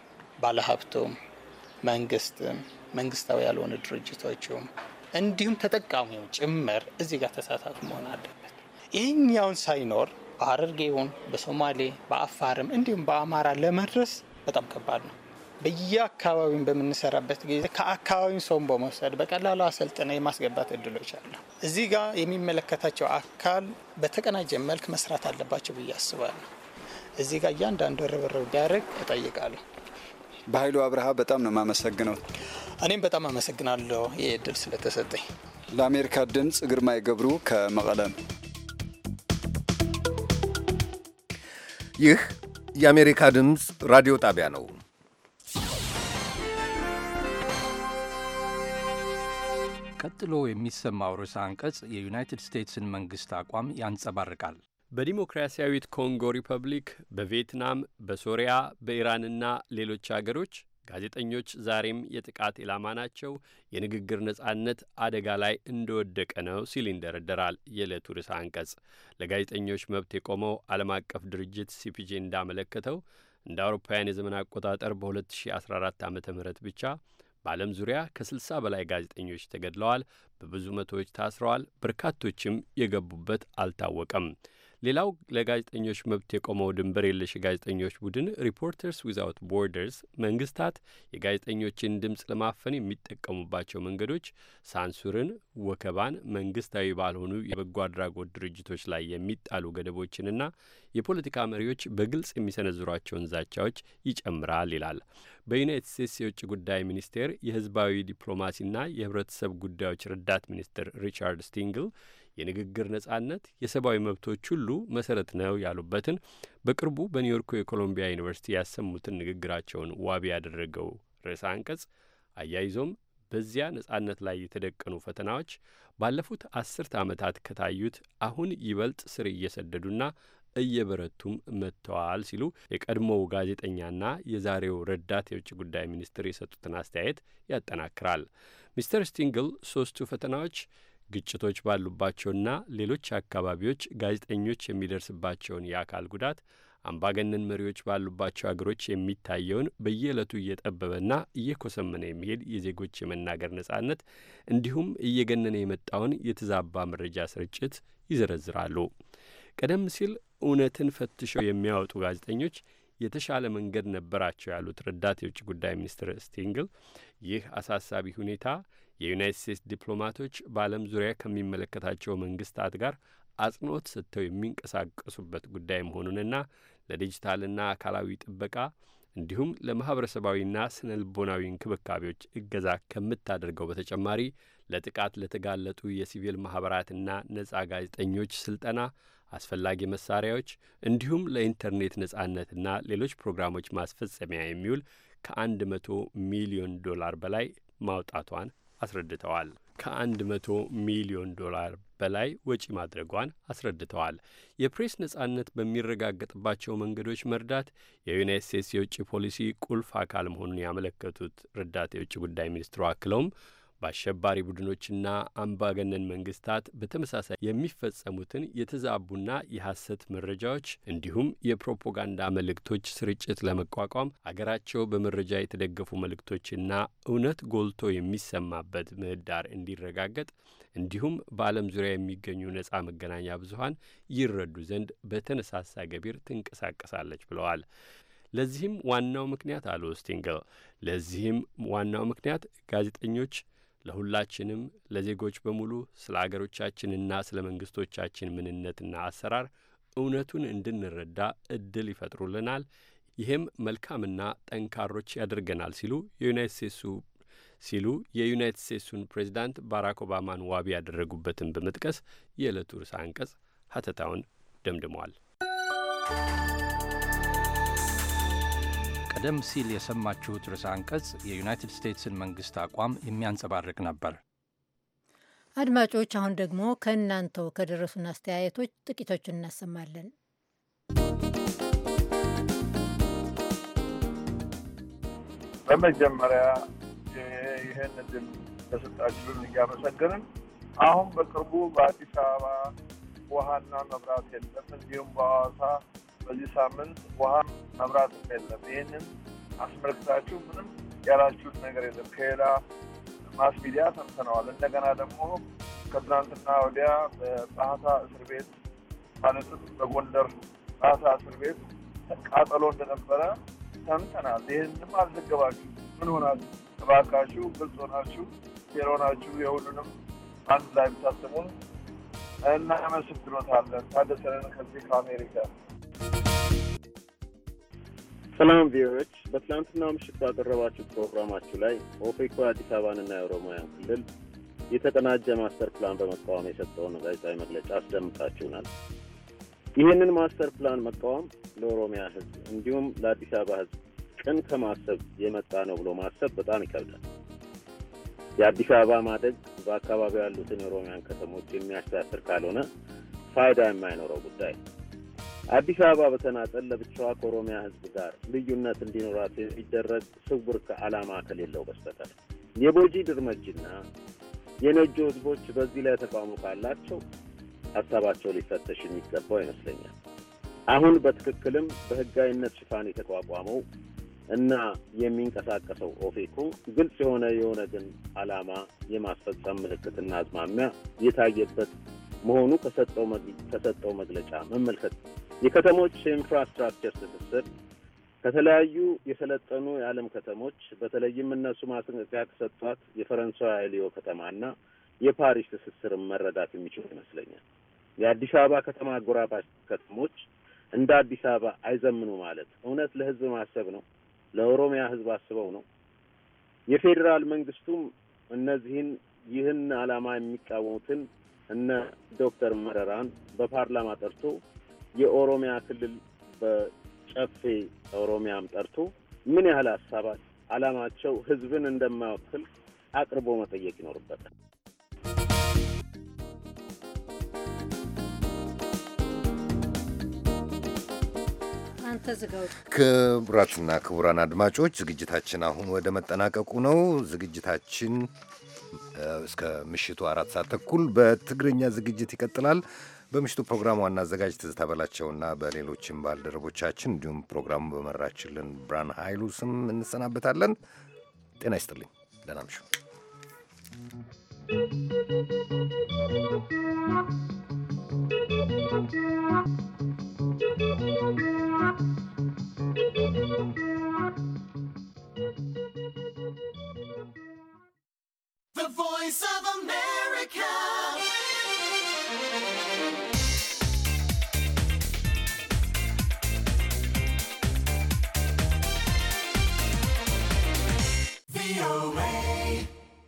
ባለሀብቱም፣ መንግስትም፣ መንግስታዊ ያልሆኑ ድርጅቶችም እንዲሁም ተጠቃሚው ጭምር እዚህ ጋር ተሳታፊ መሆን አለበት። ይህኛውን ሳይኖር በሀረርጌ በሶማሌ በአፋርም እንዲሁም በአማራ ለመድረስ በጣም ከባድ ነው። በየአካባቢውን በምንሰራበት ጊዜ ከአካባቢውን ሰውን በመውሰድ በቀላሉ አሰልጥነ የማስገባት እድሎች አሉ። እዚህ ጋር የሚመለከታቸው አካል በተቀናጀ መልክ መስራት አለባቸው ብዬ አስባለሁ። እዚህ ጋር እያንዳንዱ ርብርብ ቢያደርግ እጠይቃለሁ። በኃይሉ አብርሃ በጣም ነው የማመሰግነው። እኔም በጣም አመሰግናለሁ ይህ እድል ስለተሰጠኝ። ለአሜሪካ ድምፅ ግርማይ ገብሩ ከመቀለ። ይህ የአሜሪካ ድምፅ ራዲዮ ጣቢያ ነው። ቀጥሎ የሚሰማው ርዕሰ አንቀጽ የዩናይትድ ስቴትስን መንግሥት አቋም ያንጸባርቃል። በዲሞክራሲያዊት ኮንጎ ሪፐብሊክ፣ በቪየትናም፣ በሶሪያ፣ በኢራንና ሌሎች አገሮች ጋዜጠኞች ዛሬም የጥቃት ኢላማ ናቸው፣ የንግግር ነጻነት አደጋ ላይ እንደወደቀ ነው ሲል ይንደረደራል የዕለቱ ርዕሰ አንቀጽ። ለጋዜጠኞች መብት የቆመው ዓለም አቀፍ ድርጅት ሲፒጄ እንዳመለከተው እንደ አውሮፓውያን የዘመን አቆጣጠር በ2014 ዓ ም ብቻ በዓለም ዙሪያ ከ60 በላይ ጋዜጠኞች ተገድለዋል፣ በብዙ መቶዎች ታስረዋል፣ በርካቶችም የገቡበት አልታወቀም። ሌላው ለጋዜጠኞች መብት የቆመው ድንበር የለሽ የጋዜጠኞች ቡድን ሪፖርተርስ ዊዛውት ቦርደርስ መንግስታት የጋዜጠኞችን ድምፅ ለማፈን የሚጠቀሙባቸው መንገዶች ሳንሱርን፣ ወከባን፣ መንግስታዊ ባልሆኑ የበጎ አድራጎት ድርጅቶች ላይ የሚጣሉ ገደቦችንና የፖለቲካ መሪዎች በግልጽ የሚሰነዝሯቸውን ዛቻዎች ይጨምራል ይላል። በዩናይት ስቴትስ የውጭ ጉዳይ ሚኒስቴር የህዝባዊ ዲፕሎማሲና የህብረተሰብ ጉዳዮች ረዳት ሚኒስትር ሪቻርድ ስቲንግል የንግግር ነጻነት የሰብአዊ መብቶች ሁሉ መሰረት ነው ያሉበትን በቅርቡ በኒውዮርኩ የኮሎምቢያ ዩኒቨርሲቲ ያሰሙትን ንግግራቸውን ዋቢ ያደረገው ርዕሰ አንቀጽ አያይዞም በዚያ ነጻነት ላይ የተደቀኑ ፈተናዎች ባለፉት አስርት ዓመታት ከታዩት አሁን ይበልጥ ስር እየሰደዱና እየበረቱም መጥተዋል ሲሉ የቀድሞው ጋዜጠኛና የዛሬው ረዳት የውጭ ጉዳይ ሚኒስትር የሰጡትን አስተያየት ያጠናክራል። ሚስተር ስቲንግል ሶስቱ ፈተናዎች ግጭቶች ባሉባቸውና ሌሎች አካባቢዎች ጋዜጠኞች የሚደርስባቸውን የአካል ጉዳት አምባገነን መሪዎች ባሉባቸው አገሮች የሚታየውን በየዕለቱ እየጠበበና እየኮሰመነ የሚሄድ የዜጎች የመናገር ነጻነት እንዲሁም እየገነነ የመጣውን የተዛባ መረጃ ስርጭት ይዘረዝራሉ። ቀደም ሲል እውነትን ፈትሸው የሚያወጡ ጋዜጠኞች የተሻለ መንገድ ነበራቸው ያሉት ረዳት የውጭ ጉዳይ ሚኒስትር ስቲንግል ይህ አሳሳቢ ሁኔታ የዩናይት ስቴትስ ዲፕሎማቶች በዓለም ዙሪያ ከሚመለከታቸው መንግስታት ጋር አጽንኦት ሰጥተው የሚንቀሳቀሱበት ጉዳይ መሆኑንና ለዲጂታልና አካላዊ ጥበቃ እንዲሁም ለማኅበረሰባዊና ስነ ልቦናዊ እንክብካቤዎች እገዛ ከምታደርገው በተጨማሪ ለጥቃት ለተጋለጡ የሲቪል ማኅበራትና ነጻ ጋዜጠኞች ስልጠና፣ አስፈላጊ መሳሪያዎች እንዲሁም ለኢንተርኔት ነጻነትና ሌሎች ፕሮግራሞች ማስፈጸሚያ የሚውል ከአንድ መቶ ሚሊዮን ዶላር በላይ ማውጣቷን አስረድተዋል። ከአንድ መቶ ሚሊዮን ዶላር በላይ ወጪ ማድረጓን አስረድተዋል። የፕሬስ ነጻነት በሚረጋገጥባቸው መንገዶች መርዳት የዩናይት ስቴትስ የውጭ ፖሊሲ ቁልፍ አካል መሆኑን ያመለከቱት ረዳት የውጭ ጉዳይ ሚኒስትሩ አክለውም በአሸባሪ ቡድኖችና አምባገነን መንግስታት በተመሳሳይ የሚፈጸሙትን የተዛቡና የሐሰት መረጃዎች እንዲሁም የፕሮፓጋንዳ መልእክቶች ስርጭት ለመቋቋም አገራቸው በመረጃ የተደገፉ መልእክቶችና እውነት ጎልቶ የሚሰማበት ምህዳር እንዲረጋገጥ እንዲሁም በዓለም ዙሪያ የሚገኙ ነጻ መገናኛ ብዙሀን ይረዱ ዘንድ በተነሳሳ ገቢር ትንቀሳቀሳለች ብለዋል። ለዚህም ዋናው ምክንያት አሉ ስቲንግል፣ ለዚህም ዋናው ምክንያት ጋዜጠኞች ለሁላችንም ለዜጎች በሙሉ ስለ አገሮቻችንና ስለ መንግስቶቻችን ምንነትና አሰራር እውነቱን እንድንረዳ እድል ይፈጥሩልናል። ይህም መልካምና ጠንካሮች ያደርገናል ሲሉ የዩናይት ስቴትሱ ሲሉ የዩናይትድ ስቴትሱን ፕሬዚዳንት ባራክ ኦባማን ዋቢ ያደረጉበትን በመጥቀስ የዕለቱ ርዕሰ አንቀጽ ሀተታውን ደምድመዋል። ቀደም ሲል የሰማችሁት ርዕሰ አንቀጽ የዩናይትድ ስቴትስን መንግሥት አቋም የሚያንጸባርቅ ነበር። አድማጮች፣ አሁን ደግሞ ከእናንተው ከደረሱን አስተያየቶች ጥቂቶችን እናሰማለን። በመጀመሪያ ይህን እድል ለሰጣችሁን እያመሰገንን አሁን በቅርቡ በአዲስ አበባ ውሃና መብራት የለም፣ እንዲሁም በሐዋሳ በዚህ ሳምንት ውሃ መብራትም የለም። ይህንን አስመልክታችሁ ምንም ያላችሁት ነገር የለም። ከሌላ ማስ ሚዲያ ሰምተነዋል። እንደገና ደግሞ ከትናንትና ወዲያ በጸሐሳ እስር ቤት ማለትም በጎንደር ጸሐሳ እስር ቤት ቃጠሎ እንደነበረ ሰምተናል። ይህንም አልዘገባችሁ ምን ሆናል? እባካችሁ ግልጽ ሆናችሁ ዜሮ ናችሁ የሁሉንም አንድ ላይ ብታስሙን እናመሰግኖታለን። ታደሰንን ከዚህ ከአሜሪካ ሰላም ቪዎች በትላንትናው ምሽት ባቀረባችሁ ፕሮግራማችሁ ላይ ኦፌኮ አዲስ አበባንና የኦሮሚያን ክልል የተቀናጀ ማስተር ፕላን በመቃወም የሰጠውን ጋዜጣዊ መግለጫ አስደምጣችሁናል። ይህንን ማስተር ፕላን መቃወም ለኦሮሚያ ሕዝብ እንዲሁም ለአዲስ አበባ ሕዝብ ቅን ከማሰብ የመጣ ነው ብሎ ማሰብ በጣም ይከብዳል። የአዲስ አበባ ማደግ በአካባቢው ያሉትን የኦሮሚያን ከተሞች የሚያስተሳስር ካልሆነ ፋይዳ የማይኖረው ጉዳይ ነው። አዲስ አበባ በተናጠል ለብቻዋ ከኦሮሚያ ህዝብ ጋር ልዩነት እንዲኖራት የሚደረግ ስውር ከዓላማ ከሌለው በስተቀር የቦጂ ድርመጅና የነጆ ህዝቦች በዚህ ላይ ተቃውሞ ካላቸው ሀሳባቸው ሊፈተሽ የሚገባው ይመስለኛል። አሁን በትክክልም በህጋዊነት ሽፋን የተቋቋመው እና የሚንቀሳቀሰው ኦፌኮ ግልጽ የሆነ ግን ዓላማ የማስፈጸም ምልክትና አዝማሚያ የታየበት መሆኑ ከሰጠው መግለጫ መመልከት የከተሞች የኢንፍራስትራክቸር ትስስር ከተለያዩ የሰለጠኑ የዓለም ከተሞች በተለይም እነሱ ማስጠንቀቂያ ከሰጧት የፈረንሳዊ ሊዮ ከተማና የፓሪስ ትስስርን መረዳት የሚችሉ ይመስለኛል። የአዲስ አበባ ከተማ አጎራባች ከተሞች እንደ አዲስ አበባ አይዘምኑ ማለት እውነት ለሕዝብ ማሰብ ነው። ለኦሮሚያ ሕዝብ አስበው ነው። የፌዴራል መንግስቱም እነዚህን ይህን ዓላማ የሚቃወሙትን እነ ዶክተር መረራን በፓርላማ ጠርቶ የኦሮሚያ ክልል በጨፌ ኦሮሚያም ጠርቶ ምን ያህል ሀሳባት አላማቸው ህዝብን እንደማይወክል አቅርቦ መጠየቅ ይኖርበታል። ክቡራትና ክቡራን አድማጮች ዝግጅታችን አሁን ወደ መጠናቀቁ ነው። ዝግጅታችን እስከ ምሽቱ አራት ሰዓት ተኩል በትግርኛ ዝግጅት ይቀጥላል። በምሽቱ ፕሮግራም ዋና አዘጋጅ ትዝታ በላቸውና በሌሎችም ባልደረቦቻችን እንዲሁም ፕሮግራሙ በመራችልን ብራን ኃይሉ ስም እንሰናበታለን። ጤና ይስጥልኝ። ደህና The Voice of America VOA.